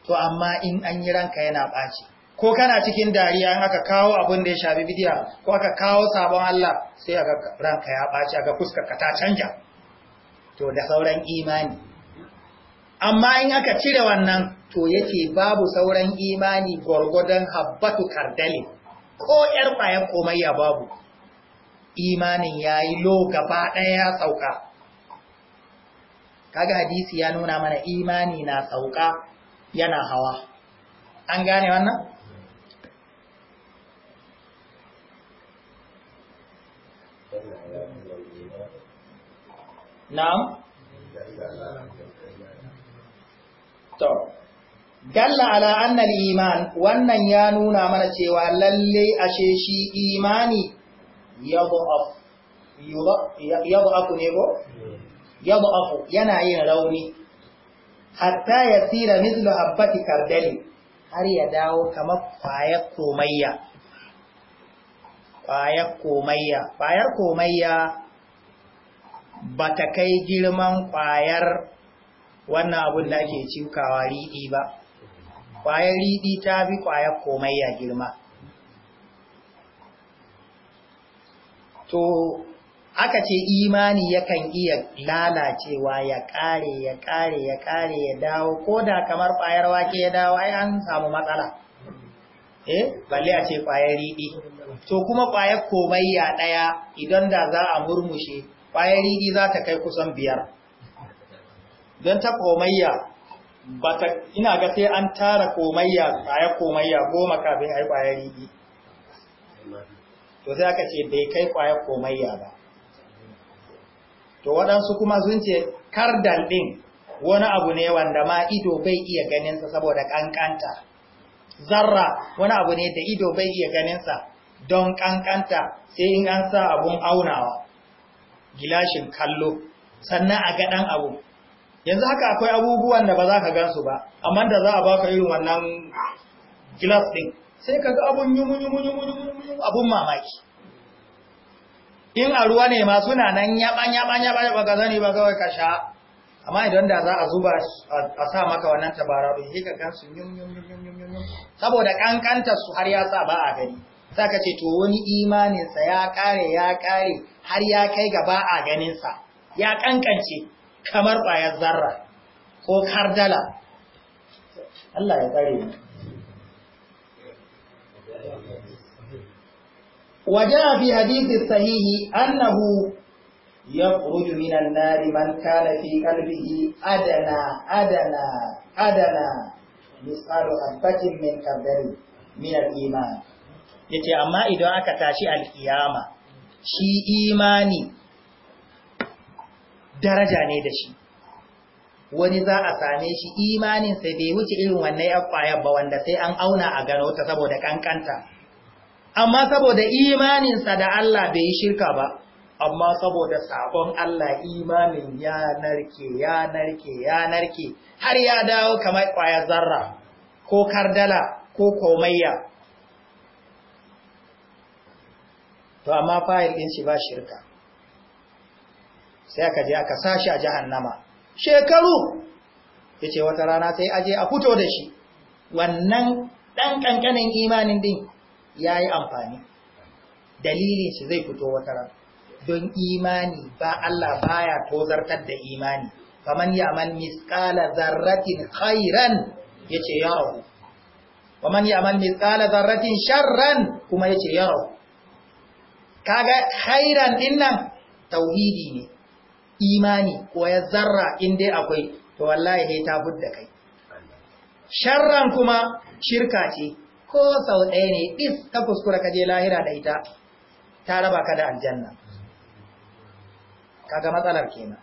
to amma in an yi ranka yana ɓaci ko kana cikin dariya in aka kawo abin da ya shafi bidiya ko aka kawo sabon Allah sai aka ranka ya baci aga fuskar ka ta canja to da sauran imani amma in aka cire wannan to yake babu sauran imani gwargwadon habbatu kardali ko ‘yar komai ya babu imanin ya yi lo gaba ɗaya sauka kaga hadisi ya nuna mana imani na sauka yana hawa an gane wannan na'am to dalla ala anna iman wannan ya nuna mana cewa lalle ashe shi imani yadhaf ne ko yadhaf yana yin rauni hatta yasira mithlu habbati kardali har ya dawo kamar kwayar komayya kwayar komayya kwayar komayya ba ta kai girman kwayar wannan abin da ake cikawa riɗi ba ƙwayar riɗi ta bi ƙwayar komai ya girma to aka ce imani yakan iya lalacewa ya ƙare ya ƙare ya ƙare ya dawo ko da kamar ƙwayar wake ya dawo ai an samu matsala eh balle a ce ƙwayar riɗi to kuma ƙwayar komai ya ɗaya idan da za a murmushe ƙwayar rigi za ta kai kusan biyar don ta komayya ina ga sai an tara komayya ƙwayar komayya goma kafin ai ƙwayar rigi to za ka ce bai kai ƙwayar komayya ba to waɗansu kuma sun ce kardal ɗin wani abu ne wanda ma ido bai iya ganinsa saboda ƙanƙanta zarra wani abu ne da ido bai iya ganinsa don ƙanƙanta sai in an sa abun aunawa gilashin kallo sannan a ga abu yanzu haka akwai abubuwan da ba za ka gansu ba amma da za a baka irin wannan gilas ɗin sai ka ga abun yumu-yumu-yumu abun mamaki in a ruwa ne ma suna nan yaɓa-yaɓa-yaɓa ka zani ba kawai ka sha amma idan da za a zuba a sa maka wannan tabararru sai ka gansu yumu-yumu-yumu saboda ƙanƙantar su har ya sa ba a gani Saka ce to wani imaninsa ya ƙare ya ƙare har ya kai gaba a ganinsa ya ƙanƙance kamar ƙwayar zarra ko kardala Allah ya ƙare ne waje a fi hadisun sahihi annahu ya ƙuruju minan nari man kana fi adana adana adana misalu abbakin min kardari minan iman. yace amma idan aka tashi alkiyama shi imani daraja ne da shi wani za a same shi imanin sai bai wuce irin wannan ya ba wanda sai an auna a gano ta saboda kankanta amma saboda imaninsa da Allah bai yi shirka ba amma saboda sabon Allah imanin ya narke ya narke ya narke har ya dawo kamar ƙwayar zarra ko kardala ko komayya to amma fayil ɗin shi ba shirka sai aka je aka sashi a jahannama shekaru ya ce wata rana sai aje a fito da shi wannan ɗan ƙanƙanin imanin din ya yi amfani dalilin shi zai fito wata rana don imani ba Allah baya tozartar da imani faman yaman misqala zarratin khairan yace yarahu waman yaman misqala zarratin sharran kuma yace yaro. kaga khairan dinnan tauhidi ne imani ko ya zarra in dai akwai to wallahi sai ta budda kai sharran kuma shirka ce ko sau ɗaya ne is ka kuskura kaje lahira da ita ta raba ka da aljanna kaga matsalar kenan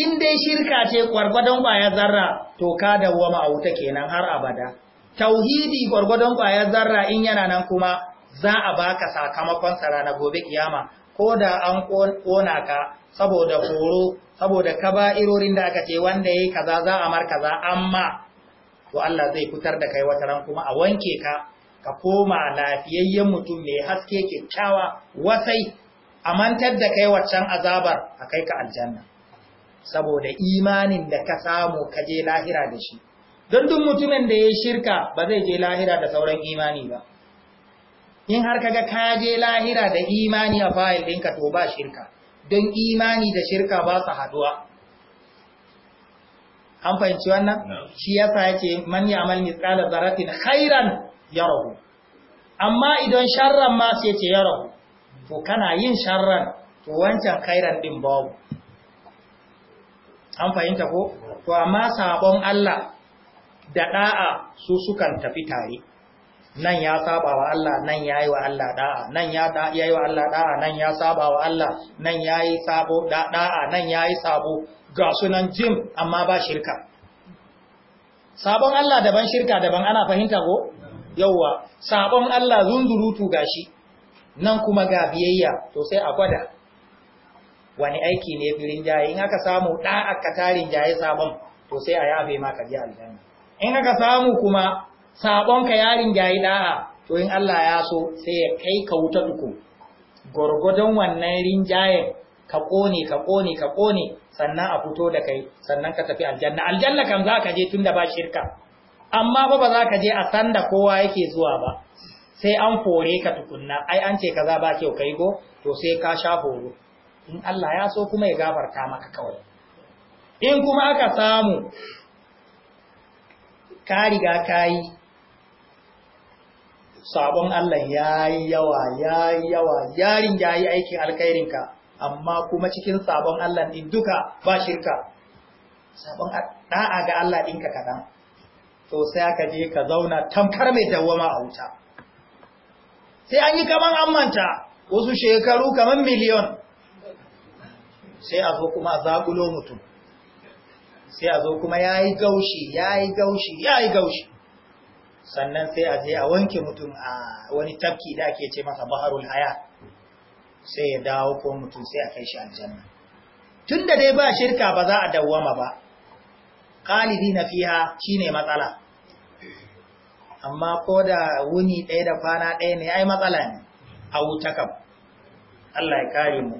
in dai shirka ce gwargwadon kwaya zarra to ka dawo a wuta kenan har abada tauhidi gwargwadon kwaya zarra in yana nan kuma za a baka sakamakon tsara na gobe kiyama ko da an kona ka saboda horo saboda kaba'irorin da aka ce wanda yayi kaza za a mar kaza amma to Allah zai fitar da kai wata kuma a wanke ka ka koma lafiyayyen mutum mai haske kyakkyawa wasai amantar da kai waccan azabar a kai ka aljanna saboda imanin da ka samu ka je lahira da shi don duk mutumin da ya shirka ba zai je lahira da sauran imani ba in har kaga ka je lahira da imani a fayil ɗinka to ba shirka don imani da shirka ba su haduwa an fahimci wannan shi yasa yake man ya ya'mal mithqala zaratin khairan yarahu amma idan sharran ma sai ce yarahu to kana yin sharran to wancan khairan din babu an fahimta ko to amma sabon Allah da ɗa'a su sukan tafi tare nan ya saba wa Allah nan yayi wa Allah da'a nan ya da yayi wa Allah da'a nan ya saba wa Allah nan yayi sabo da'a nan yayi sabo ga sunan jim amma ba shirka sabon Allah daban shirka daban ana fahimta ko yawwa sabon Allah zunzurutu gashi nan kuma ga biyayya to sai a gwada wani aiki ne birin jaye in aka samu da'a ka tarin jaye sabon to sai a yabe maka ji aljanna in aka samu kuma sabonka yarin yayi da'a to in Allah ya so sai ya kai ka wuta duku gurgudun wannan rinjayen ka kone ka kone ka kone sannan a fito da kai sannan ka tafi aljanna aljanna kan za ka je tunda ba shirka amma ba za ka je a san da kowa yake zuwa ba sai an fore ka tukunna ai an ce ka za ba kyau kai go to sai ka sha horo in Allah ya so kuma ya gafarta maka kawai in kuma aka samu ka riga kayi sabon Allah ya yi yawa ya yi yawa yarin ya yi aikin alkairinka, amma kuma cikin sabon Allah ɗin duka ba shirka sabon ɗa’a ga Allah ɗinka kaɗan to sai aka je ka zauna tamkar mai dawama a wuta sai an yi kaman an wasu shekaru kamar miliyon sai a zo kuma a mutum sai a zo kuma ya yi gaushi ya yi gaushi ya yi gaushi sannan sai a je a wanke mutum a wani tafki da ake ce masa baharul haya sai ya dawo ko mutum sai a kai shi aljanna tun da dai ba shirka ba za a dawwama ba ƙalibi na fiha shine matsala amma ko da wuni ɗaya da kwana ɗaya ne ai matsala ne a wuta kam Allah ya kare mu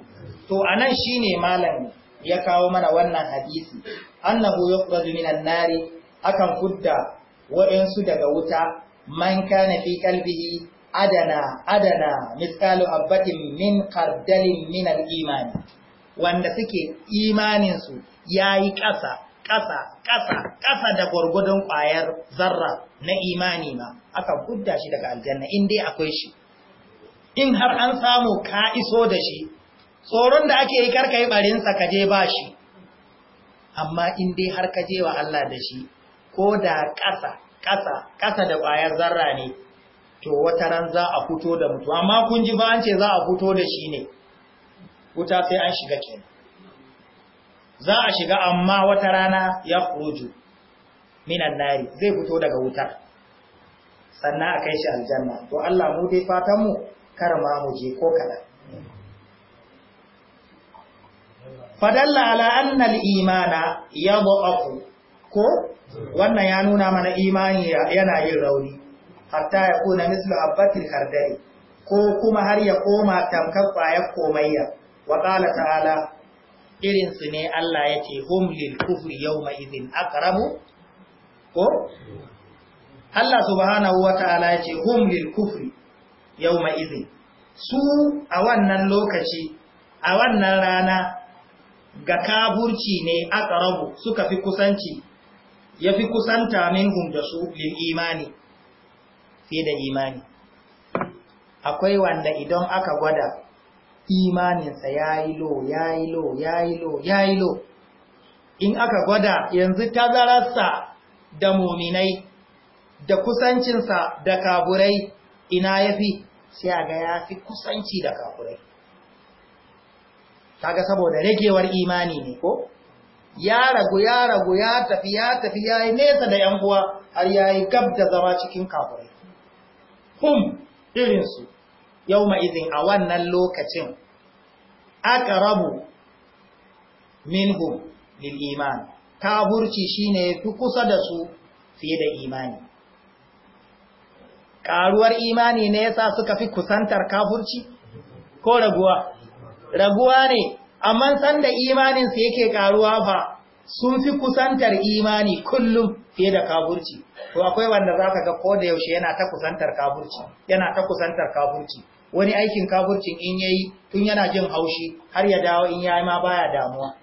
to anan shine malam ya kawo mana wannan hadisi annahu yukhraju minan nari akan kudda waɗansu daga wuta man kana fi kalbihi adana adana misalu abbatin min kardalin min imani wanda suke imaninsu ya yi ƙasa ƙasa ƙasa ƙasa da gwargwadon ƙwayar zarra na imani ma aka gudda shi daga aljanna in dai akwai shi in har an samu ka iso da shi tsoron da ake yi karka yi barinsa ka je ba shi amma in dai har ka je wa Allah da shi ko da ƙasa ƙasa ƙasa da ƙwayar zarra ne to wata ran za a fito da mutu amma kun ji ba an ce za a fito da shi ne wuta sai an shiga kenan za a shiga amma wata rana ya kuruju minan nari zai fito daga wutar sannan a kai shi aljanna to Allah mu dai fatan mu kar ma mu je ko kada fadalla ala anna al-imana yadhafu ko wannan ya nuna mana imani yana yin rauni hatta ya kuna mislu abbatil kardari ko kuma har ya koma tamkar kwayar komayya wa qala ta'ala irin su ne Allah yace hum lil kufri yawma idhin aqrabu ko Allah subhanahu wa ta'ala yace hum lil kufri yawma idhin su a wannan lokaci a wannan rana ga kaburci ne aqrabu suka fi kusanci ya fi kusanta minhum da su lil imani fiye da imani akwai wanda idan aka gwada imaninsa ya yi lo ya yi lo ya yi lo ya yi lo in aka gwada yanzu tazararsa da muminai da kusancinsa da kaburai ina ya fi sai a ga ya fi kusanci da kaburai kaga saboda ragewar imani ne ko ya ragu ya ragu ya tafi ya tafi ya yi nesa da ‘yan uwa har ya yi gab da zama cikin kafirai. Hum irinsu, yau ma'izin a wannan lokacin, aka rabu minhum lil iman, Kaburci shi ne fi kusa da su fiye da imani. Ƙaruwar imani ne yasa suka fi kusantar kaburci? Ko raguwa? Raguwa ne amma sanda imaninsu yake karuwa fa sun fi kusantar imani kullum fiye da kaburci to akwai wanda za ka ga ko da yaushe yana ta kusantar kaburci yana ta kusantar kaburci wani aikin kaburcin in yayi tun yana jin haushi har ya dawo in yayi ma baya damuwa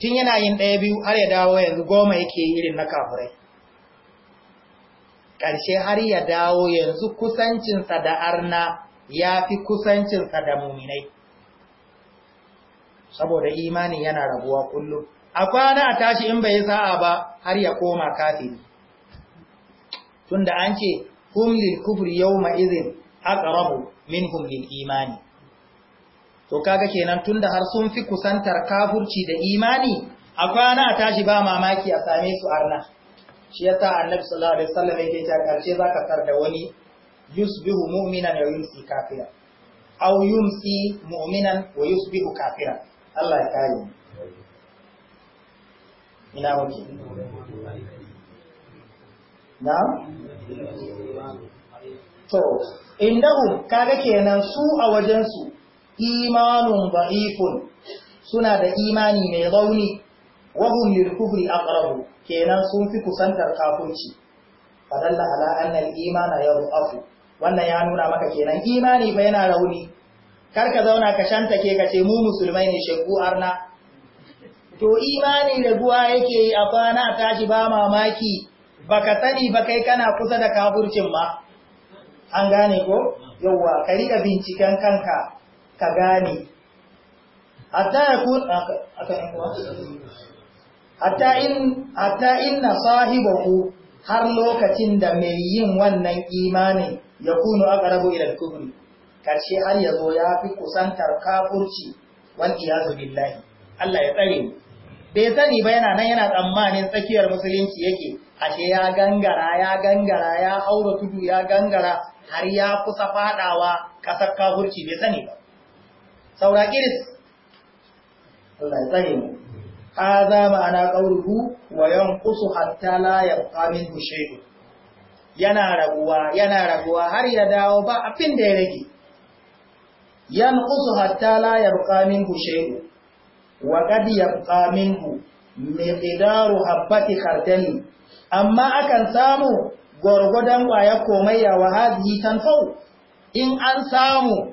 tun yana yin ɗaya biyu har ya dawo yanzu goma yake irin na kafurai ƙarshe har ya dawo yanzu kusancinsa da arna ya fi kusancinsa da muminai saboda imanin yana rabuwa kullum a kwana a tashi in bai sa'a ba har ya koma kafiri tunda an ce hum lil kufri yawma idhin aqrabu minhum lil imani to kaga kenan tunda har sun fi kusantar kafurci da imani a kwana a tashi ba mamaki a same su arna shi yasa annabi sallallahu alaihi wasallam yake cewa karshe zaka tar da wani yusbihu mu'minan wa yumsi kafira aw yumsi mu'minan wa yusbihu kafira Allah ya kare ina muke na to indahum kaga kenan su a wajen su imanun ba'ifun suna da imani mai rauni wahum lil a aqrabu kenan sun fi kusantar kafirci fadalla ala anna al imana wannan ya nuna maka kenan imani bai yana rauni kar ka zauna ka shantake ka ce mu musulmai ne shegu arna to imani da ruwa yake yi a kwana tashi ba mamaki baka sani ba kai kana kusa da kafurcin ma an gane ko yauwa ka riƙa binciken kanka ka gane hatta ya ku hatta in hatta inna sahibahu har lokacin da mai yin wannan imani ya kunu aqrabu ila al-kufri karshe har ya zo ya fi kusantar kafurci ya iyazu billahi Allah ya tsare mu bai sani ba yana nan yana tsammanin tsakiyar musulunci yake ashe ya gangara ya gangara ya haura tudu ya gangara har ya kusa fadawa kasar kafurci bai sani ba saura kiris Allah ya tsare mu hadha ma'ana qauluhu wa yanqusu hatta la yabqa minhu shay'un yana raguwa yana raguwa har ya dawo ba abin da ya rage yanqusu hatta la yabqa minhu shay'un wa qad yabqa minhu miqdaru habati khardali amma akan samu gwargwadon kwaya komayya wa hadhihi tanfau in an samu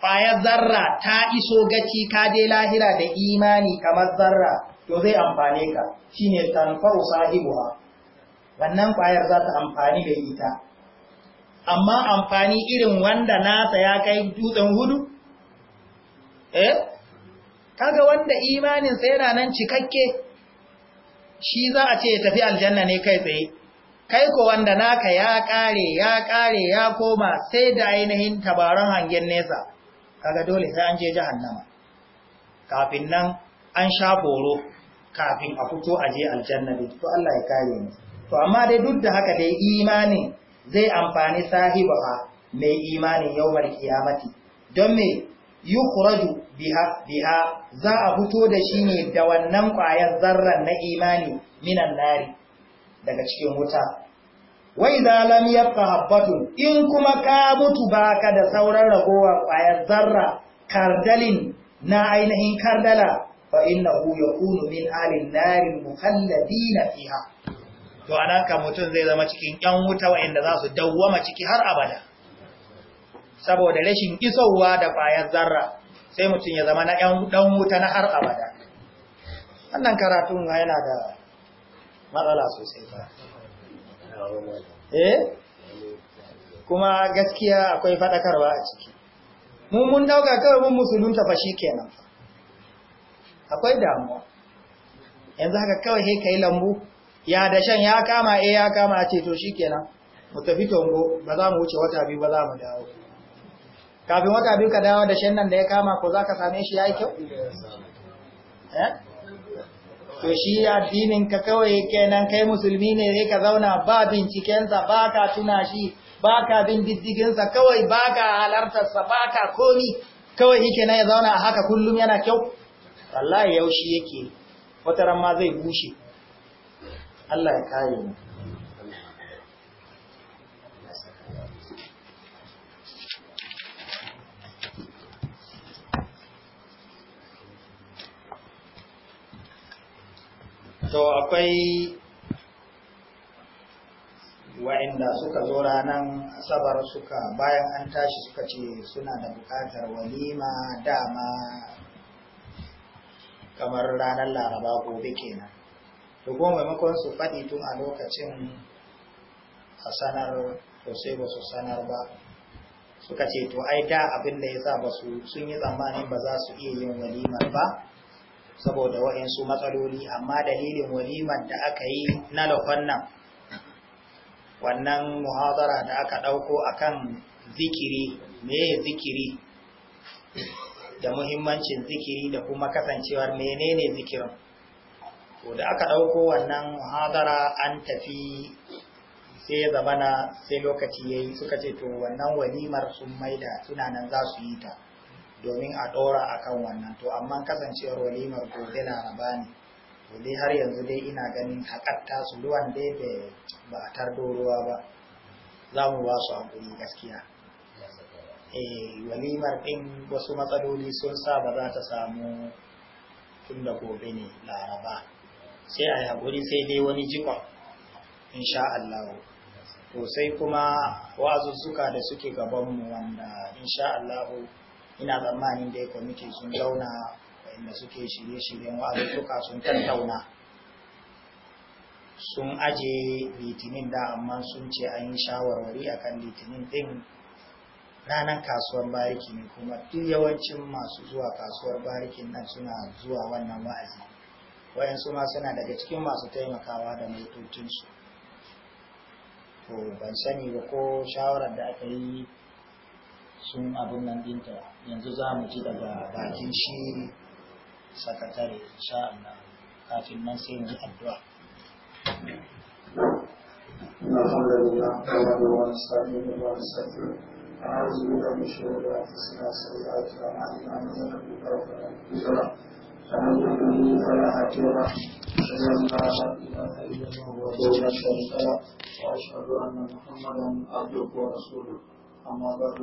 kwaya zarra ta iso gaci ka dai lahira da imani kamar zarra to zai amfane ka shine tanfau sahibuha wannan kwayar za ta amfani da ita amma amfani irin wanda nasa ya kai dutsen hudu? Eh? Kaga wanda imaninsa yana nan cikakke, shi za a ce ya tafi aljanna ne kai tsaye, kai ko wanda naka ya kare ya kare ya koma sai da ainihin tabaron hangen nesa, kaga dole sai an je jahannama. Kafin nan an sha boro, kafin a fito a je aljanna to Allah ya kare mu. To amma dai duk da haka dai imanin zai amfani sahibaha mai imanin yawmar kiyamati don me yukhraju biha biha za a fito da shi ne da wannan ƙwayar zarran na imani minan nari daga cikin wuta wai za lam yabqa in kuma ka mutu baka da sauran ragowar ƙwayar zarra kardalin na ainihin kardala fa innahu yakunu min alin narin mukhalladina fiha to nan ka mutum zai zama cikin ƴan wuta wa'anda za su dawwama ciki har abada saboda rashin isowa da kwayar zarra sai mutum ya zama na ƴan dan wuta na har abada wannan karatun yana da matsala sosai ba eh kuma gaskiya akwai fadakarwa a ciki Mun mun dauka kawai mun musulunta fa kenan. akwai damuwa yanzu haka kawai sai kai lambu ya dashen ya kama eh ya kama ce to shi kenan mu tafi tongo ba za mu wuce wata biyu ba za mu dawo kafin wata biyu ka dawo dashen nan da ya kama ko za ka same shi ya yi kyau eh? to shi addinin ka kawai kenan kai musulmi ne sai ka zauna ba bincikensa ba ka tuna shi ba ka bin diddiginsa kawai ba ka halartarsa ba ka komi kawai yake na ya zauna a haka kullum yana kyau wallahi yaushi yake wata ran ma zai bushe Allah ya kare mu to akwai wa'inda suka zo ranar asabar suka bayan an tashi suka ce suna da bukatar walima dama kamar ranar laraba gobe kenan to kuma maimakon su faɗi tun a lokacin a sanar to sai ba su sanar ba suka ce to ai da abin da ya sa ba su sun yi tsammanin ba za su iya yin walimar ba saboda waɗansu matsaloli amma dalilin walimar da aka yi na lokon nan wannan muhazara da aka ɗauko akan zikiri me zikiri da muhimmancin zikiri da kuma kasancewar menene zikirin to da aka ɗauko wannan muhadara an tafi sai zamana sai lokaci ya yi suka ce to wannan walimar sun maida suna nan za su yi ta domin a ɗora a kan wannan to amma kasancewar walimar gobe laraba ne to dai har yanzu dai ina ganin haƙatta su ruwan dai da ba a tardo ruwa ba za mu ba su haƙuri gaskiya eh walimar ɗin wasu matsaloli sun sa ba za ta samu tun da gobe ne laraba sai a yaguri sai dai wani jikon insha Allah to sai kuma wazuzzuka da suke gabanmu wanda insha Allah ina tsammanin dai muke sun zauna wanda suke shirye-shiryen wazuzzuka sun tattauna sun aje litinin da amma sun ce an yi shawarwari akan litinin din ranar kasuwar bariki ne kuma duk yawancin masu zuwa kasuwar barikin nan suna zuwa wannan wa'azi wayansu ma suna daga cikin masu taimakawa da maitocinsu to ban sani ba ko shawarar da aka yi sun abin nan dinta yanzu za mu ji daga bakin shi sakatare insha Allah kafin nan sai mu addu'a الحمد لله نحمده ونستعينه ونستغفره أعوذ بالله من شرور أنفسنا وسيئات أعمالنا من يهده الله فلا مضل له حمده ولا هادي له أشهد أن لا إله إلا الله وحده لا شريك له وأشهد أن محمدا عبده ورسوله أما بعد